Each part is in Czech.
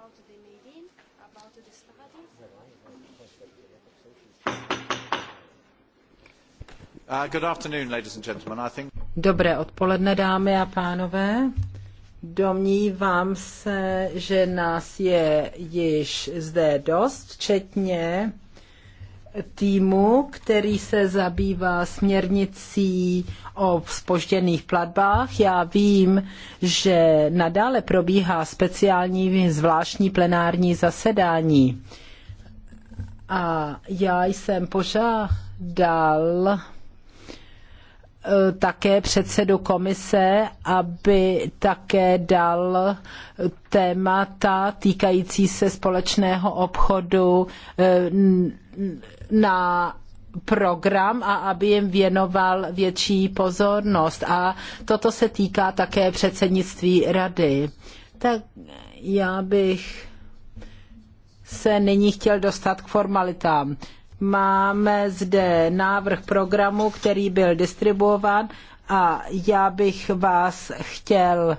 about the meeting, about the study. Uh, good afternoon, ladies and gentlemen. I think... Dobré odpoledne, dámy a pánové. Domnívám se, že nás je již zde dost, včetně týmu, který se zabývá směrnicí o spožděných platbách. Já vím, že nadále probíhá speciální zvláštní plenární zasedání. A já jsem požádal Eh, také předsedu komise, aby také dal témata týkající se společného obchodu eh, na program a aby jim věnoval větší pozornost. A toto se týká také předsednictví rady. Tak já bych se nyní chtěl dostat k formalitám. Máme zde návrh programu, který byl distribuován a já bych vás chtěl uh,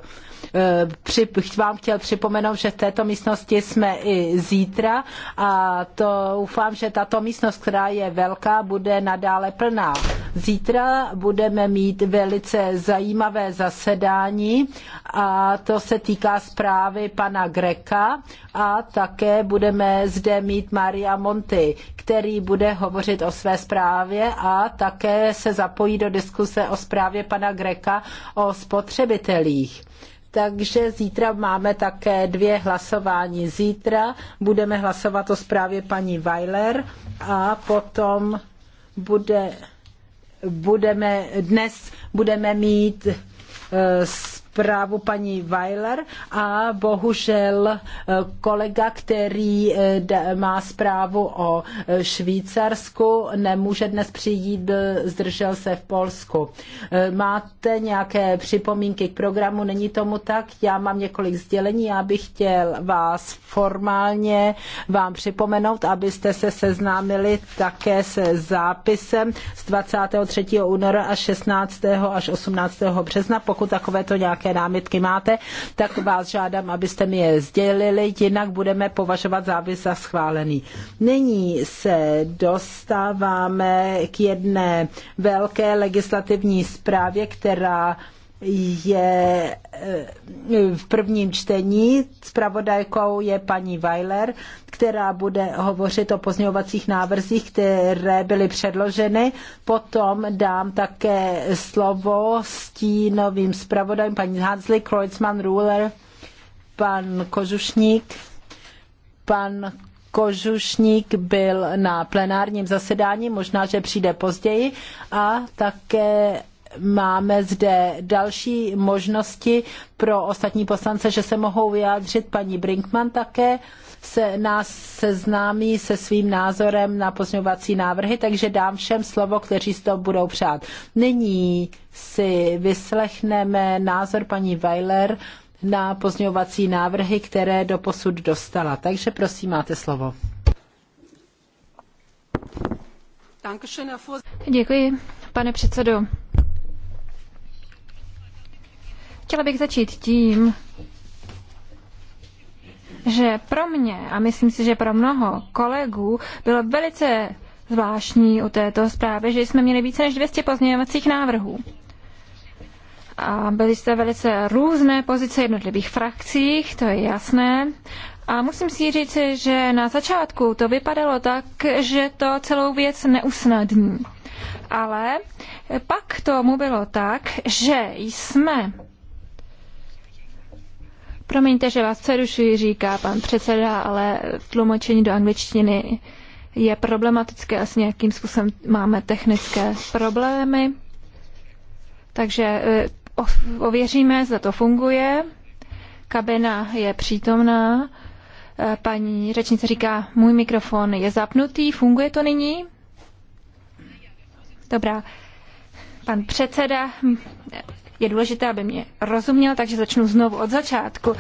vám chtěl připomenout, že v této místnosti jsme i zítra a to doufám, že tato místnost, která je velká, bude nadále plná. Zítra budeme mít velice zajímavé zasedání a to se týká zprávy pana Greka a také budeme zde mít Maria Monty, který bude hovořit o své zprávě a také se zapojí do diskuse o zprávě pana Greka o spotřebitelích. Takže zítra máme také dvě hlasování. Zítra budeme hlasovat o zprávě paní Weiler a potom bude, budeme, dnes budeme mít uh, zprávu paní Weiler a bohužel eh, kolega, který eh, má zprávu o eh, Švýcarsku, nemůže dnes přijít, zdržel se v Polsku. Máte nějaké připomínky k programu? Není tomu tak? Já mám několik sdělení. Já bych chtěl vás formálně vám připomenout, abyste se seznámili také se zápisem z 23. února až 16. až 18. března, pokud takovéto nějaké nějaké námitky máte, tak vás žádám, abyste mi je sdělili, jinak budeme považovat závis za schválený. Nyní se dostáváme k jedné velké legislativní zprávě, která je eh, v prvním čtení. Spravodajkou je paní Weiler, která bude hovořit o pozměňovacích návrzích, které byly předloženy. Potom dám také slovo stínovým spravodajům paní Hansley, Kreuzmann, Ruler, pan Kožušník, pan Kožušník byl na plenárním zasedání, možná, že přijde později, a také máme zde další možnosti pro ostatní poslance, že se mohou vyjádřit. Paní Brinkman také se nás seznámí se svým názorem na pozměňovací návrhy, takže dám všem slovo, kteří si to budou přát. Nyní si vyslechneme názor paní Weiler na pozměňovací návrhy, které do posud dostala. Takže prosím, máte slovo. Děkuji, pane předsedo. Chtěla bych začít tím, že pro mě, a myslím si, že pro mnoho kolegů, bylo velice zvláštní u této zprávy, že jsme měli více než 200 pozměňovacích návrhů. A byly jste velice různé pozice jednotlivých frakcích, to je jasné. A musím si říct, že na začátku to vypadalo tak, že to celou věc neusnadní. Ale pak tomu bylo tak, že jsme Promiňte, že vás přerušuji, říká pan předseda, ale tlumočení do angličtiny je problematické a s nějakým způsobem máme technické problémy. Takže eh, ověříme, zda to funguje. Kabina je přítomná. Eh, paní řečnice říká, můj mikrofon je zapnutý, funguje to nyní? Dobrá. Pan předseda je důležité, aby mě rozuměl, takže začnu znovu od začátku.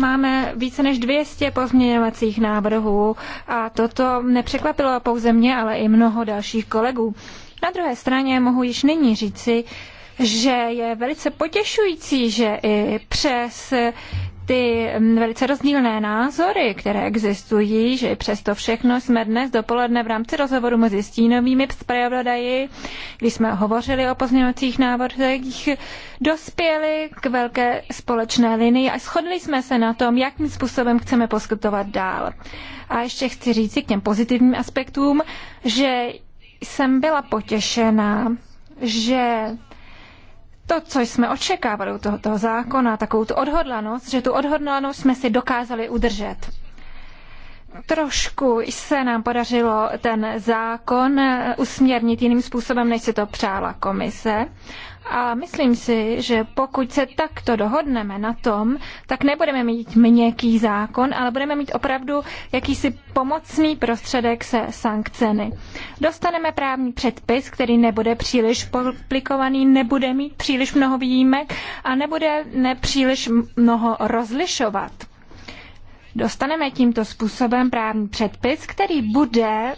Máme více než 200 pozměňovacích návrhů a toto nepřekvapilo pouze mě, ale i mnoho dalších kolegů. Na druhé straně mohu již nyní říci, že je velice potěšující, že i přes ty mm, velice rozdílné názory, které existují, že přesto všechno jsme dnes dopoledne v rámci rozhovoru mezi stínovými zpravodaji, když jsme hovořili o pozměňovacích návrzech, dospěli k velké společné linii a shodli jsme se na tom, jakým způsobem chceme poskytovat dál. A ještě chci říci k těm pozitivním aspektům, že jsem byla potěšena, že to, co jsme očekávali u tohoto zákona, takovou tu odhodlanost, že tu odhodlanost jsme si dokázali udržet. Trošku se nám podařilo ten zákon usměrnit jiným způsobem, než si to přála komise. A myslím si, že pokud se takto dohodneme na tom, tak nebudeme mít měkký zákon, ale budeme mít opravdu jakýsi pomocný prostředek se sankcemi. Dostaneme právní předpis, který nebude příliš komplikovaný, nebude mít příliš mnoho výjimek a nebude nepříliš mnoho rozlišovat. Dostaneme tímto způsobem právní předpis, který bude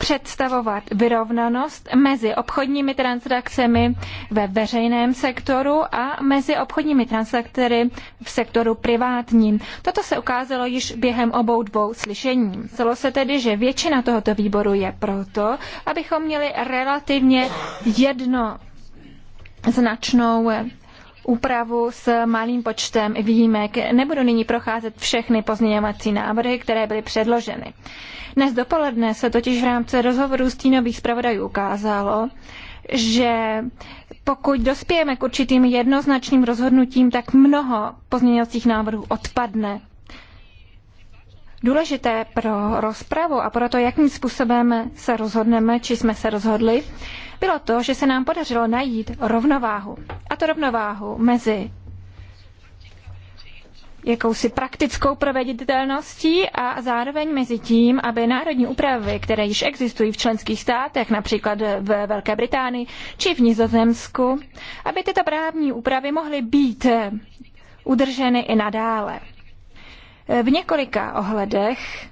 představovat vyrovnanost mezi obchodními transakcemi ve veřejném sektoru a mezi obchodními transaktory v sektoru privátním. Toto se ukázalo již během obou dvou slyšení. Celo se tedy, že většina tohoto výboru je proto, abychom měli relativně jedno značnou úpravu s malým počtem výjimek. Nebudu nyní procházet všechny pozměňovací návrhy, které byly předloženy. Dnes dopoledne se totiž v rámci rozhovoru stínových zpravodajů ukázalo, že pokud dospějeme k určitým jednoznačným rozhodnutím, tak mnoho pozměňovacích návrhů odpadne. Důležité pro rozpravu a pro to, jakým způsobem se rozhodneme, či jsme se rozhodli, bylo to, že se nám podařilo najít rovnováhu to rovnováhu mezi jakousi praktickou proveditelností a zároveň mezi tím, aby národní úpravy, které již existují v členských státech, například v Velké Británii či v Nizozemsku, aby tyto právní úpravy mohly být udrženy i nadále. V několika ohledech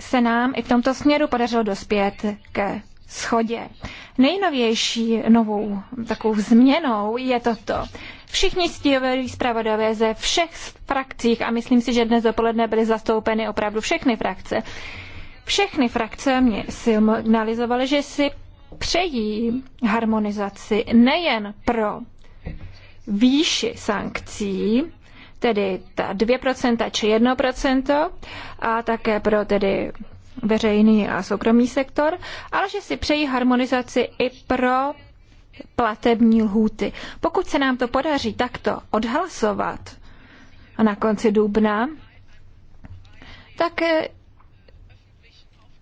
se nám i v tomto směru podařilo dospět ke schodě. Nejnovější novou takovou změnou je toto. Všichni stíhoví zpravodavé ze všech frakcích, a myslím si, že dnes dopoledne byly zastoupeny opravdu všechny frakce, všechny frakce mě signalizovaly, že si přejí harmonizaci nejen pro výši sankcí, tedy ta 2% či 1%, a také pro tedy veřejný a soukromý sektor, ale že si přejí harmonizaci i pro platební lhůty. Pokud se nám to podaří takto odhlasovat a na konci dubna, tak eh,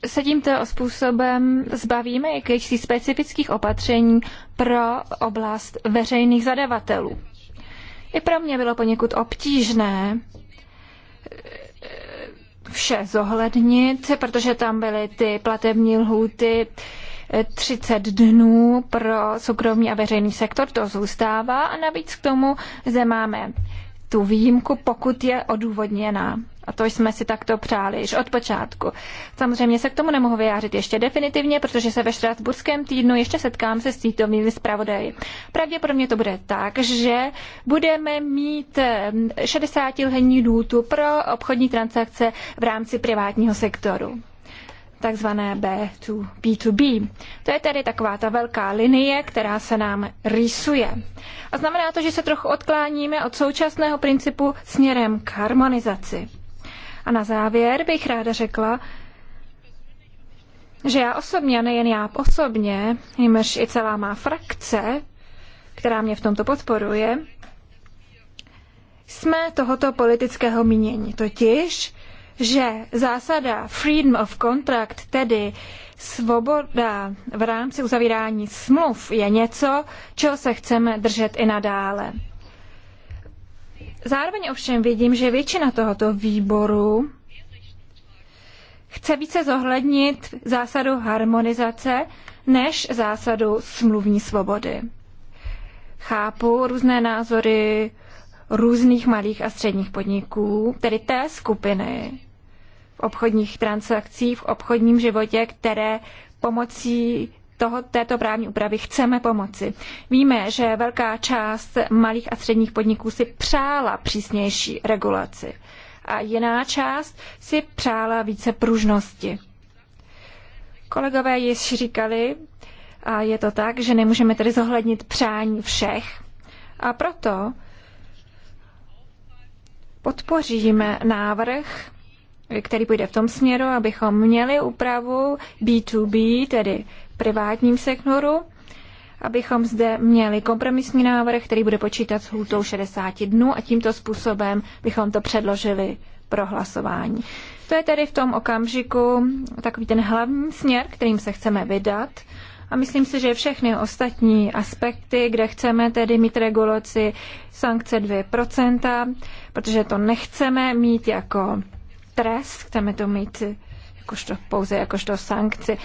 se tímto způsobem zbavíme jakýchsi specifických opatření pro oblast veřejných zadavatelů. I pro mě bylo poněkud obtížné vše zohlednit, protože tam byly ty platební lhůty 30 eh, dnů pro soukromý a veřejný sektor, to zůstává a navíc k tomu zde máme tu výjimku, pokud je odůvodněná. A to jsme si takto přáli již od počátku. Samozřejmě se k tomu nemohu vyjářit ještě definitivně, protože se ve Štrasburském týdnu ještě setkám se stítovými zpravodaji. Pravděpodobně to bude tak, že budeme mít 60 lhení důtu pro obchodní transakce v rámci privátního sektoru takzvané B2, B2B. To je tedy taková ta velká linie, která se nám rýsuje. A znamená to, že se trochu odkláníme od současného principu směrem k harmonizaci. A na závěr bych ráda řekla, že já osobně, a nejen já osobně, jimž i celá má frakce, která mě v tomto podporuje, jsme tohoto politického mínění. Totiž, že zásada freedom of contract, tedy svoboda v rámci uzavírání smluv, je něco, čeho se chceme držet i nadále. Zároveň ovšem vidím, že většina tohoto výboru chce více zohlednit zásadu harmonizace než zásadu smluvní svobody. Chápu různé názory různých malých a středních podniků, tedy té skupiny v obchodních transakcích, v obchodním životě, které pomocí toho, této právní úpravy chceme pomoci. Víme, že velká část malých a středních podniků si přála přísnější regulaci a jiná část si přála více pružnosti. Kolegové již říkali, a je to tak, že nemůžeme tedy zohlednit přání všech. A proto podpoříme návrh, který půjde v tom směru, abychom měli úpravu B2B, tedy privátním sektoru, abychom zde měli kompromisní návrh, který bude počítat s hlutou 60 dnů a tímto způsobem bychom to předložili pro hlasování. To je tedy v tom okamžiku takový ten hlavní směr, kterým se chceme vydat. A myslím si, že všechny ostatní aspekty, kde chceme tedy mít regulaci sankce 2%, protože to nechceme mít jako trest, chceme to mít jakožto, pouze jakožto sankci.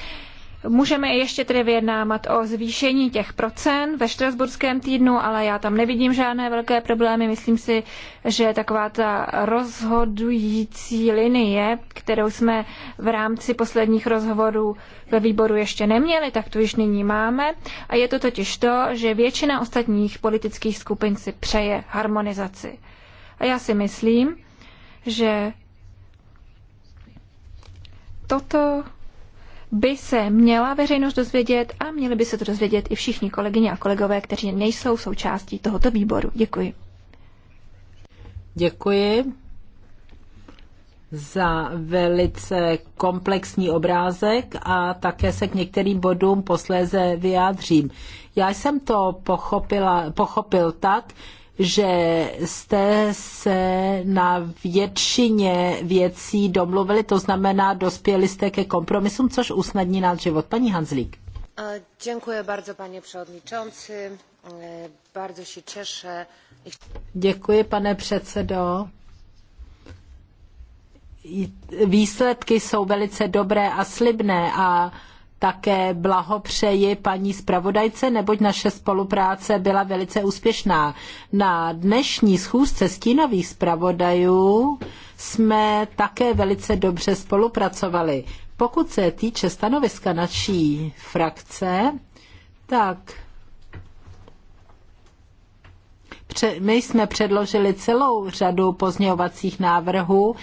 Můžeme ještě tedy vyjednávat o zvýšení těch procent ve Štrasburském týdnu, ale já tam nevidím žádné velké problémy. Myslím si, že taková ta rozhodující linie, kterou jsme v rámci posledních rozhovorů ve výboru ještě neměli, tak tu již nyní máme. A je to totiž to, že většina ostatních politických skupin si přeje harmonizaci. A já si myslím, že toto by se měla veřejnost dozvědět a měli by se to dozvědět i všichni kolegyně a kolegové, kteří nejsou součástí tohoto výboru. Děkuji. Děkuji za velice komplexní obrázek a také se k některým bodům posléze vyjádřím. Já jsem to pochopila, pochopil tak, že jste se na většině věcí domluvili, to znamená, dospěli jste ke kompromisům, což usnadní náš život. Paní Hanzlík. Děkuji bardzo, pane předsedající. Bardzo si cieszę. Děkuji, pane předsedo. Výsledky jsou velice dobré a slibné a také blahopřeji paní zpravodajce, neboť naše spolupráce byla velice úspěšná. Na dnešní schůzce stínových zpravodajů jsme také velice dobře spolupracovali. Pokud se týče stanoviska naší frakce, tak my jsme předložili celou řadu pozměňovacích návrhů,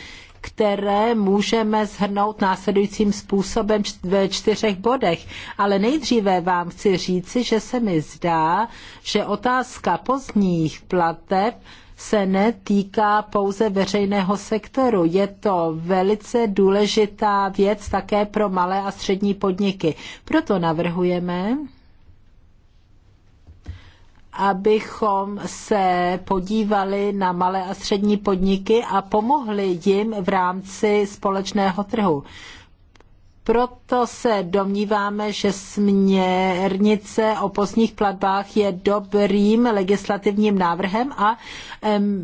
které můžeme zhrnout následujícím způsobem ve čtyřech bodech. Ale nejdříve vám chci říci, že se mi zdá, že otázka pozdních plateb se netýká pouze veřejného sektoru. Je to velice důležitá věc také pro malé a střední podniky. Proto navrhujeme, abychom se podívali na malé a střední podniky a pomohli jim v rámci společného trhu. Proto se domníváme, že směrnice o pozdních platbách je dobrým legislativním návrhem a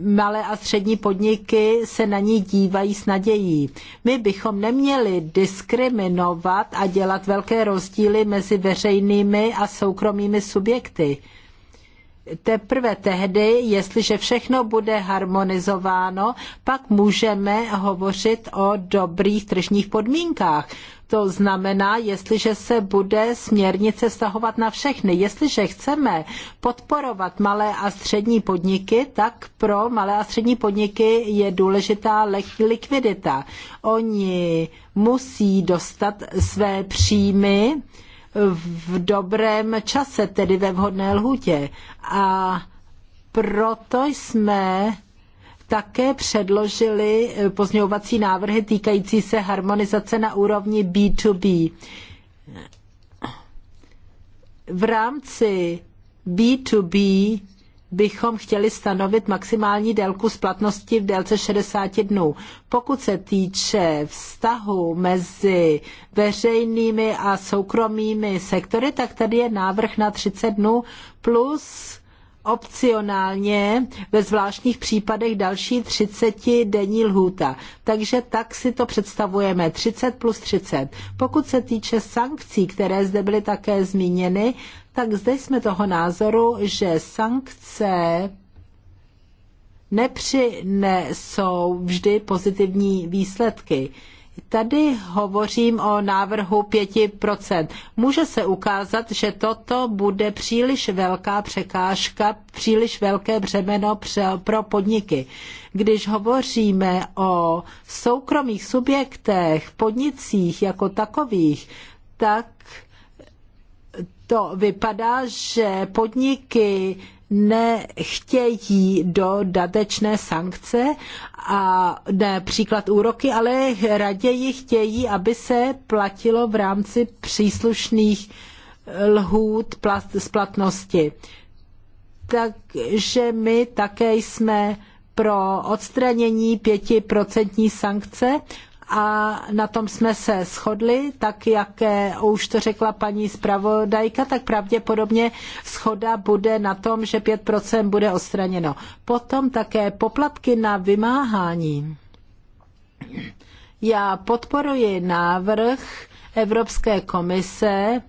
malé a střední podniky se na ní dívají s nadějí. My bychom neměli diskriminovat a dělat velké rozdíly mezi veřejnými a soukromými subjekty teprve tehdy, jestliže všechno bude harmonizováno, pak můžeme hovořit o dobrých tržních podmínkách. To znamená, jestliže se bude směrnice stahovat na všechny. Jestliže chceme podporovat malé a střední podniky, tak pro malé a střední podniky je důležitá likvidita. Oni musí dostat své příjmy, v dobrém čase, tedy ve vhodné lhůtě. A proto jsme také předložili eh, pozměňovací návrhy týkající se harmonizace na úrovni B2B. V rámci B2B bychom chtěli stanovit maximální délku splatnosti v délce 60 dnů. Pokud se týče vztahu mezi veřejnými a soukromými sektory, tak tady je návrh na 30 dnů plus opcionálně ve zvláštních případech další 30 denní lhůta. Takže tak si to představujeme, 30 plus 30. Pokud se týče sankcí, které zde byly také zmíněny, tak zde jsme toho názoru, že sankce nepřinesou vždy pozitivní výsledky. Tady hovořím o návrhu 5%. Může se ukázat, že toto bude příliš velká překážka, příliš velké břemeno pro podniky. Když hovoříme o soukromých subjektech, podnicích jako takových, tak to vypadá, že podniky nechtějí dodatečné sankce a například úroky, ale raději chtějí, aby se platilo v rámci příslušných lhůt splatnosti. Takže my také jsme pro odstranění pětiprocentní sankce a na tom jsme se shodli, tak jak eh, už to řekla paní zpravodajka, tak pravděpodobně schoda bude na tom, že 5% bude odstraněno. Potom také poplatky na vymáhání. Já podporuji návrh Evropské komise,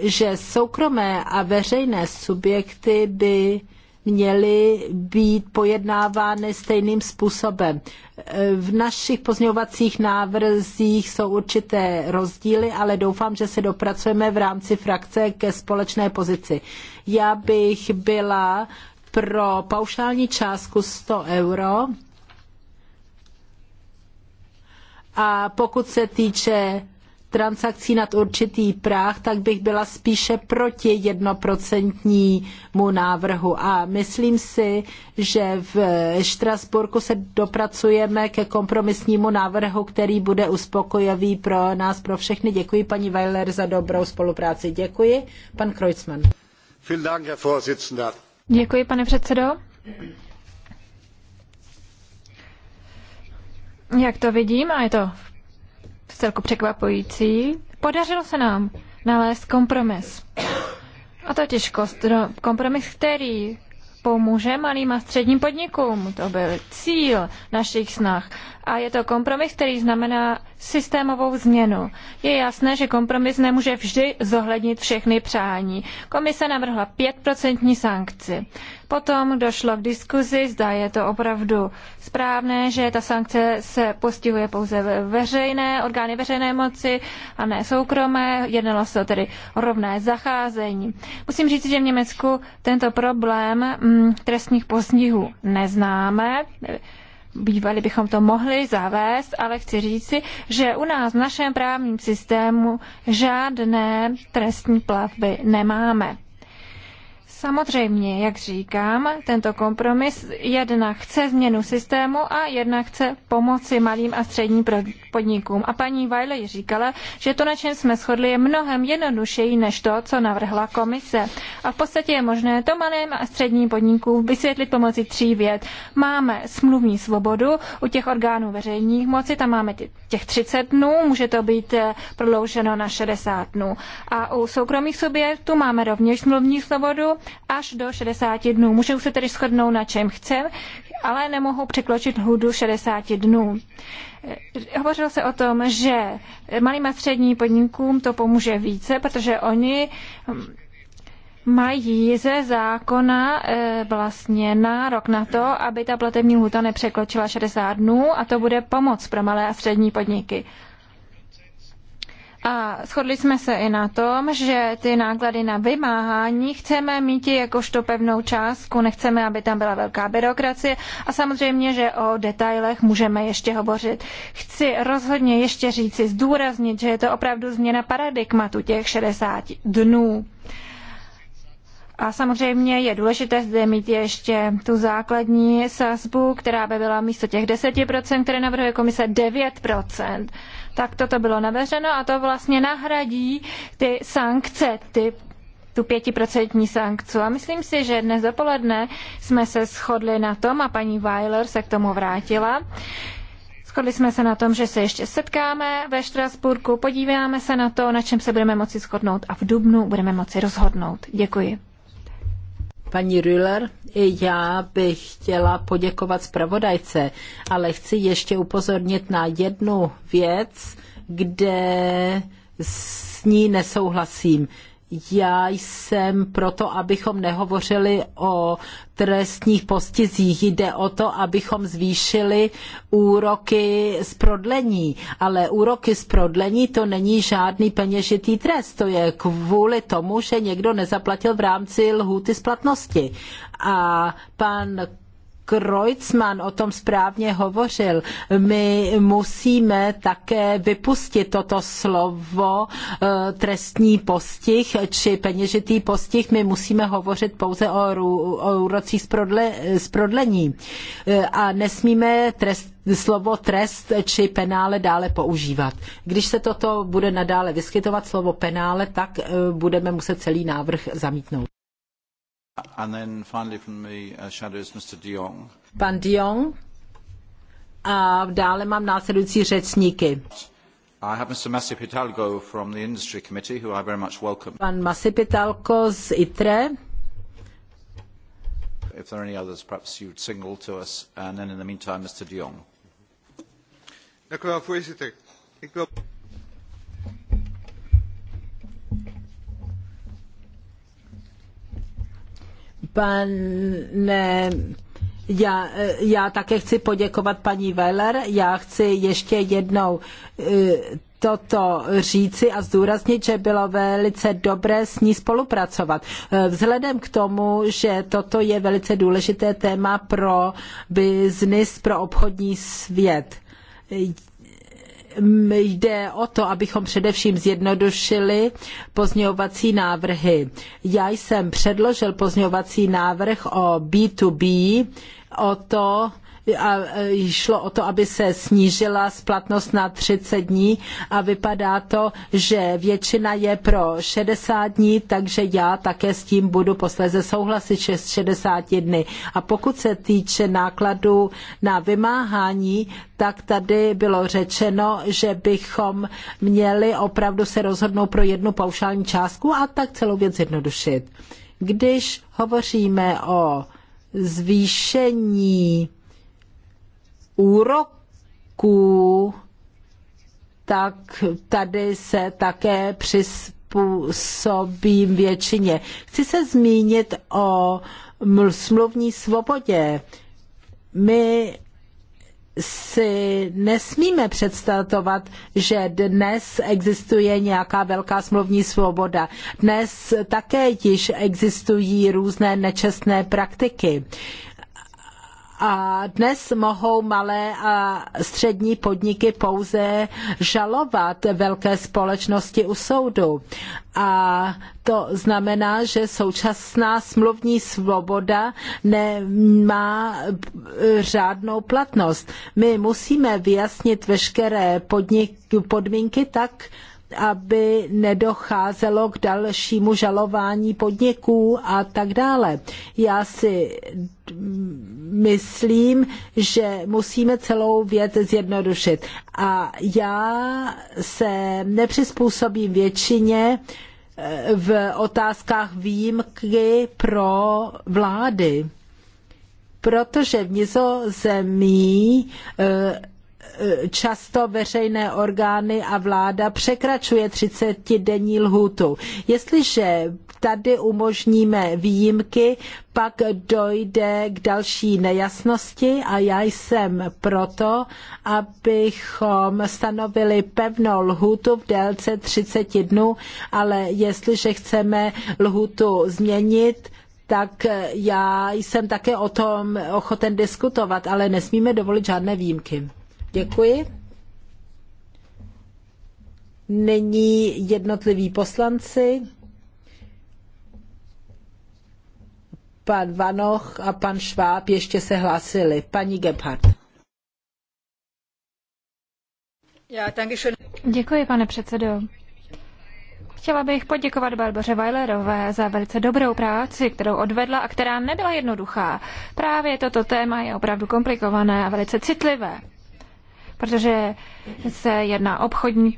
že soukromé a veřejné subjekty by měly být pojednávány stejným způsobem. V našich pozměňovacích návrzích jsou určité rozdíly, ale doufám, že se dopracujeme v rámci frakce ke společné pozici. Já bych byla pro paušální částku 100 euro a pokud se týče transakcí nad určitý práh, tak bych byla spíše proti jednoprocentnímu návrhu. A myslím si, že v Štrasburku se dopracujeme ke kompromisnímu návrhu, který bude uspokojivý pro nás, pro všechny. Děkuji paní Weiler za dobrou spolupráci. Děkuji. Pan Kreuzmann. Děkuji, pane předsedo. Jak to vidím, a je to v v celku překvapující, podařilo se nám nalézt kompromis. A to No, kompromis, který pomůže malým a středním podnikům. To byl cíl našich snah. A je to kompromis, který znamená systémovou změnu. Je jasné, že kompromis nemůže vždy zohlednit všechny přání. Komise navrhla 5% sankci. Potom došlo k diskuzi, zda je to opravdu správné, že ta sankce se postihuje pouze veřejné, orgány veřejné moci a ne soukromé. Jednalo se o tedy rovné zacházení. Musím říct, že v Německu tento problém mm, trestních postihů neznáme bývali bychom to mohli zavést, ale chci říci, že u nás v našem právním systému žádné trestní plavby nemáme. Samozřejmě, jak říkám, tento kompromis jedna chce změnu systému a jedna chce pomoci malým a středním podnikům. A paní Wiley říkala, že to, na čem jsme shodli, je mnohem jednodušší než to, co navrhla komise. A v podstatě je možné to malým a středním podnikům vysvětlit pomocí tří věd. Máme smluvní svobodu u těch orgánů veřejných moci, tam máme těch 30 dnů, může to být eh, prodlouženo na 60 dnů. A u soukromých subjektů máme rovněž smluvní svobodu až do 60 dnů. Můžou se tedy shodnout na čem chceme, ale nemohou překročit hůdu 60 dnů. Hovořilo se o tom, že malým a středním podnikům to pomůže více, protože oni hm, mají ze zákona eh, vlastně nárok na to, aby ta platební lhuta nepřekročila 60 dnů a to bude pomoc pro malé a střední podniky. A shodli jsme se i na tom, že ty náklady na vymáhání chceme mít jakožto pevnou částku, nechceme, aby tam byla velká byrokracie a samozřejmě, že o detailech můžeme ještě hovořit. Chci rozhodně ještě říci, zdůraznit, že je to opravdu změna paradigmatu těch 60 dnů. A samozřejmě je důležité zde mít ještě tu základní sazbu, která by byla místo těch 10%, které navrhuje komise 9% tak toto bylo navrženo a to vlastně nahradí ty sankce, ty tu pětiprocentní sankci. A myslím si, že dnes dopoledne jsme se shodli na tom, a paní Weiler se k tomu vrátila, Shodli jsme se na tom, že se ještě setkáme ve Štrasburku, podíváme se na to, na čem se budeme moci shodnout a v Dubnu budeme moci rozhodnout. Děkuji paní Rüller. I já bych chtěla poděkovat zpravodajce, ale chci ještě upozornit na jednu věc, kde s ní nesouhlasím já jsem proto, abychom nehovořili o trestních postizích. Jde o to, abychom zvýšili úroky z prodlení. Ale úroky z prodlení to není žádný peněžitý trest. To je kvůli tomu, že někdo nezaplatil v rámci lhůty splatnosti. A pan Kreutzmann o tom správně hovořil. My musíme také vypustit toto slovo eh, trestní postih či peněžitý postih. My musíme hovořit pouze o, o úrocích z, prodle, z prodlení. Eh, a nesmíme trest, slovo trest či penále dále používat. Když se toto bude nadále vyskytovat slovo penále, tak eh, budeme muset celý návrh zamítnout. And then finally from the uh, shadows, Mr. De Jong. Pan De Jong. A dále mám následující řečníky. I have Mr. Masip Hidalgo from the Industry Committee, who I very much welcome. Pan Masip Hidalgo z ITRE. If there are any others, perhaps you'd signal to us. And then in the meantime, Mr. De Jong. Dank u wel, voorzitter. Ik wil... Pane já, já také chci poděkovat paní Veller. Já chci ještě jednou eh, toto říci a zdůraznit, že bylo velice dobré s ní spolupracovat. Eh, vzhledem k tomu, že toto je velice důležité téma pro biznis, pro obchodní svět jde o to, abychom především zjednodušili pozměňovací návrhy. Já jsem předložil pozměňovací návrh o B2B, o to, a e, šlo o to, aby se snížila splatnost na 30 dní a vypadá to, že většina je pro 60 dní, takže já také s tím budu posléze souhlasit že s 60 dny. A pokud se týče nákladů na vymáhání, tak tady bylo řečeno, že bychom měli opravdu se rozhodnout pro jednu paušální částku a tak celou věc zjednodušit. Když hovoříme o zvýšení úroků, tak tady se také přizpůsobím většině. Chci se zmínit o smluvní svobodě. My si nesmíme představovat, že dnes existuje nějaká velká smluvní svoboda. Dnes také již existují různé nečestné praktiky. A dnes mohou malé a střední podniky pouze žalovat velké společnosti u soudu. A to znamená, že současná smluvní svoboda nemá řádnou platnost. My musíme vyjasnit veškeré podmínky tak, aby nedocházelo k dalšímu žalování podniků a tak dále. Já si myslím, že musíme celou věc zjednodušit. A já se nepřizpůsobím většině eh, v otázkách výjimky pro vlády protože v Nizozemí eh, Eh, často veřejné orgány a vláda překračuje 30-denní lhůtu. Jestliže tady umožníme výjimky, pak dojde k další nejasnosti a já jsem proto, abychom stanovili pevnou lhůtu v délce 30 dnů, ale jestliže chceme lhůtu změnit, tak já jsem také o tom ochoten diskutovat, ale nesmíme dovolit žádné výjimky. Děkuji. Není jednotliví poslanci. Pan Vanoch a pan Šváb ještě se hlásili. Paní Gebhardt. Děkuji, pane předsedo. Chtěla bych poděkovat Barboře Weilerové za velice dobrou práci, kterou odvedla a která nebyla jednoduchá. Právě toto téma je opravdu komplikované a velice citlivé protože se jedná obchodní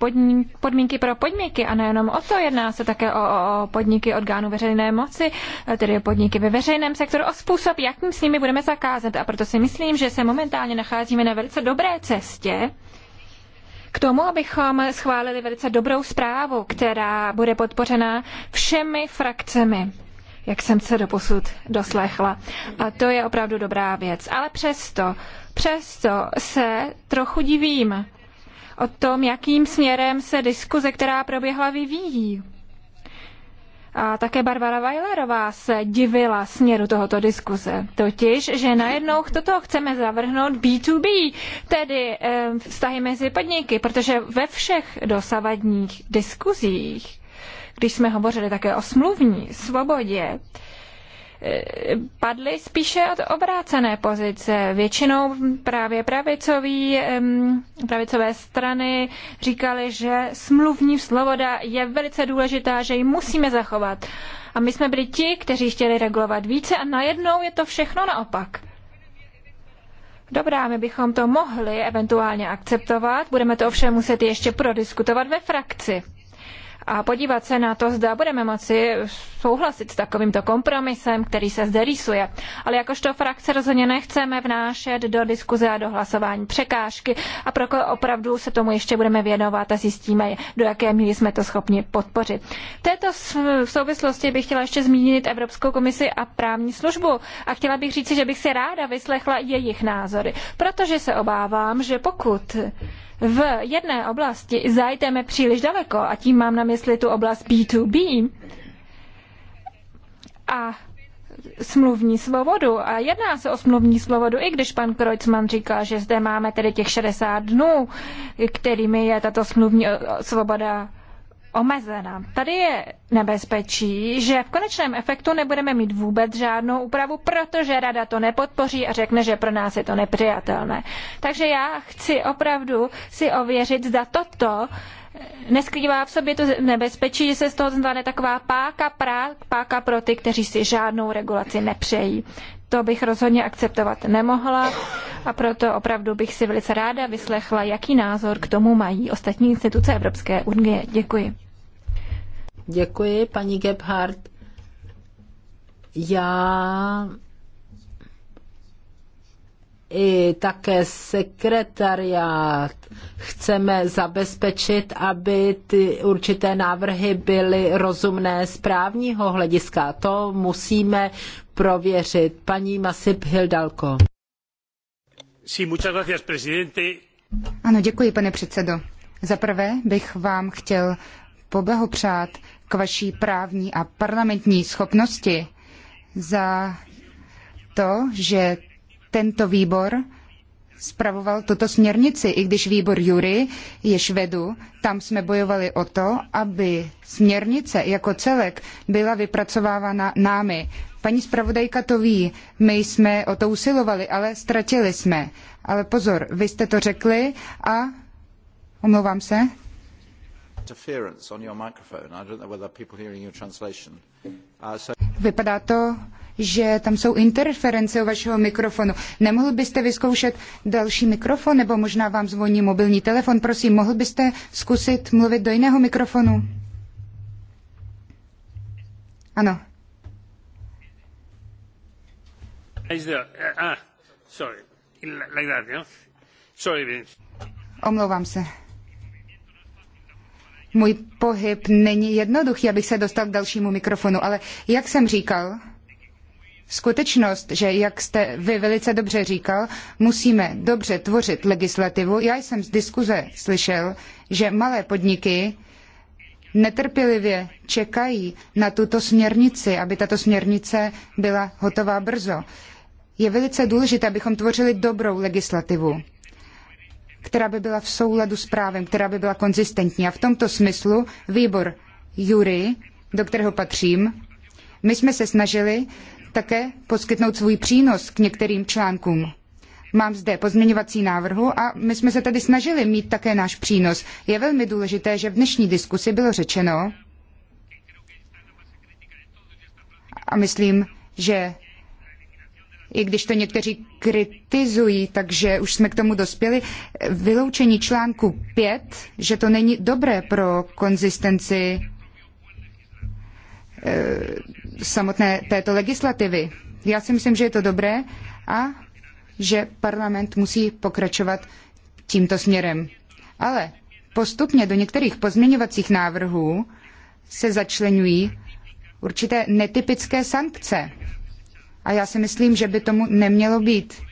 podmínky pro podniky a nejenom o to, jedná se také o, o podniky orgánů veřejné moci, tedy o podniky ve veřejném sektoru, o způsob, jakým s nimi budeme zakázat. A proto si myslím, že se momentálně nacházíme na velice dobré cestě, k tomu, abychom schválili velice dobrou zprávu, která bude podpořena všemi frakcemi jak jsem se doposud doslechla. A to je opravdu dobrá věc. Ale přesto, přesto se trochu divím o tom, jakým směrem se diskuze, která proběhla, vyvíjí. A také Barbara Weilerová se divila směru tohoto diskuze. Totiž, že najednou toto chceme zavrhnout B2B, tedy e, vztahy mezi podniky, protože ve všech dosavadních diskuzích když jsme hovořili také o smluvní svobodě, eh, padly spíše od obrácené pozice. Většinou právě pravicový, pravicové strany říkali, že smluvní svoboda je velice důležitá, že ji musíme zachovat. A my jsme byli ti, kteří chtěli regulovat více a najednou je to všechno naopak. Dobrá, my bychom to mohli eventuálně akceptovat, budeme to ovšem muset ještě prodiskutovat ve frakci a podívat se na to, zda budeme moci souhlasit s takovýmto kompromisem, který se zde rýsuje. Ale jakožto frakce rozhodně nechceme vnášet do diskuze a do hlasování překážky a proto opravdu se tomu ještě budeme věnovat a zjistíme, do jaké míry jsme to schopni podpořit. V této souvislosti bych chtěla ještě zmínit Evropskou komisi a právní službu a chtěla bych říci, že bych si ráda vyslechla jejich názory, protože se obávám, že pokud v jedné oblasti zajdeme příliš daleko, a tím mám na mysli tu oblast B2B, a smluvní svobodu. A jedná se o smluvní svobodu, i když pan Kreutzmann říká, že zde máme tedy těch 60 dnů, kterými je tato smluvní eh, svoboda omezena. Tady je nebezpečí, že v konečném efektu nebudeme mít vůbec žádnou úpravu, protože rada to nepodpoří a řekne, že pro nás je to nepřijatelné. Takže já chci opravdu si ověřit, zda toto eh, neskrývá v sobě to nebezpečí, že se z toho stane taková páka, prá, páka pro ty, kteří si žádnou regulaci nepřejí. To bych rozhodně akceptovat nemohla a proto opravdu bych si velice ráda vyslechla, jaký názor k tomu mají ostatní instituce Evropské unie. Děkuji. Děkuji, paní Gebhardt. Já i také sekretariát chceme zabezpečit, aby ty určité návrhy byly rozumné z právního hlediska. To musíme prověřit. Paní Masip Hildalko. Sí, muchas gracias, presidente. Ano, děkuji, pane předsedo. Za prvé bych vám chtěl poblahopřát k vaší právní a parlamentní schopnosti, za to, že tento výbor spravoval tuto směrnici, i když výbor Jury, jež vedu, tam jsme bojovali o to, aby směrnice jako celek byla vypracovávána námi. Paní zpravodajka to ví, my jsme o to usilovali, ale ztratili jsme. Ale pozor, vy jste to řekli a... Omlouvám se, interference on your microphone. I don't know whether people hearing your translation. Uh, so... Vypadá to, že tam jsou interference u vašeho mikrofonu. Nemohl byste vyzkoušet další mikrofon, nebo možná vám zvoní mobilní telefon. Prosím, mohl byste zkusit mluvit do jiného mikrofonu? Ano. Uh, ah, Omlouvám se můj pohyb není jednoduchý, abych se dostal k dalšímu mikrofonu, ale jak jsem říkal, skutečnost, že jak jste vy velice dobře říkal, musíme dobře tvořit legislativu. Já jsem z diskuze slyšel, že malé podniky netrpělivě čekají na tuto směrnici, aby tato směrnice byla hotová brzo. Je velice důležité, abychom tvořili dobrou legislativu která by byla v souladu s právem, která by byla konzistentní. A v tomto smyslu výbor Jury, do kterého patřím, my jsme se snažili také poskytnout svůj přínos k některým článkům. Mám zde pozměňovací návrhu a my jsme se tady snažili mít také náš přínos. Je velmi důležité, že v dnešní diskusi bylo řečeno, a myslím, že i když to někteří kritizují, takže už jsme k tomu dospěli, vyloučení článku 5, že to není dobré pro konzistenci e, samotné této legislativy. Já si myslím, že je to dobré a že parlament musí pokračovat tímto směrem. Ale postupně do některých pozměňovacích návrhů se začlenují určité netypické sankce. A já si myslím, že by tomu nemělo být.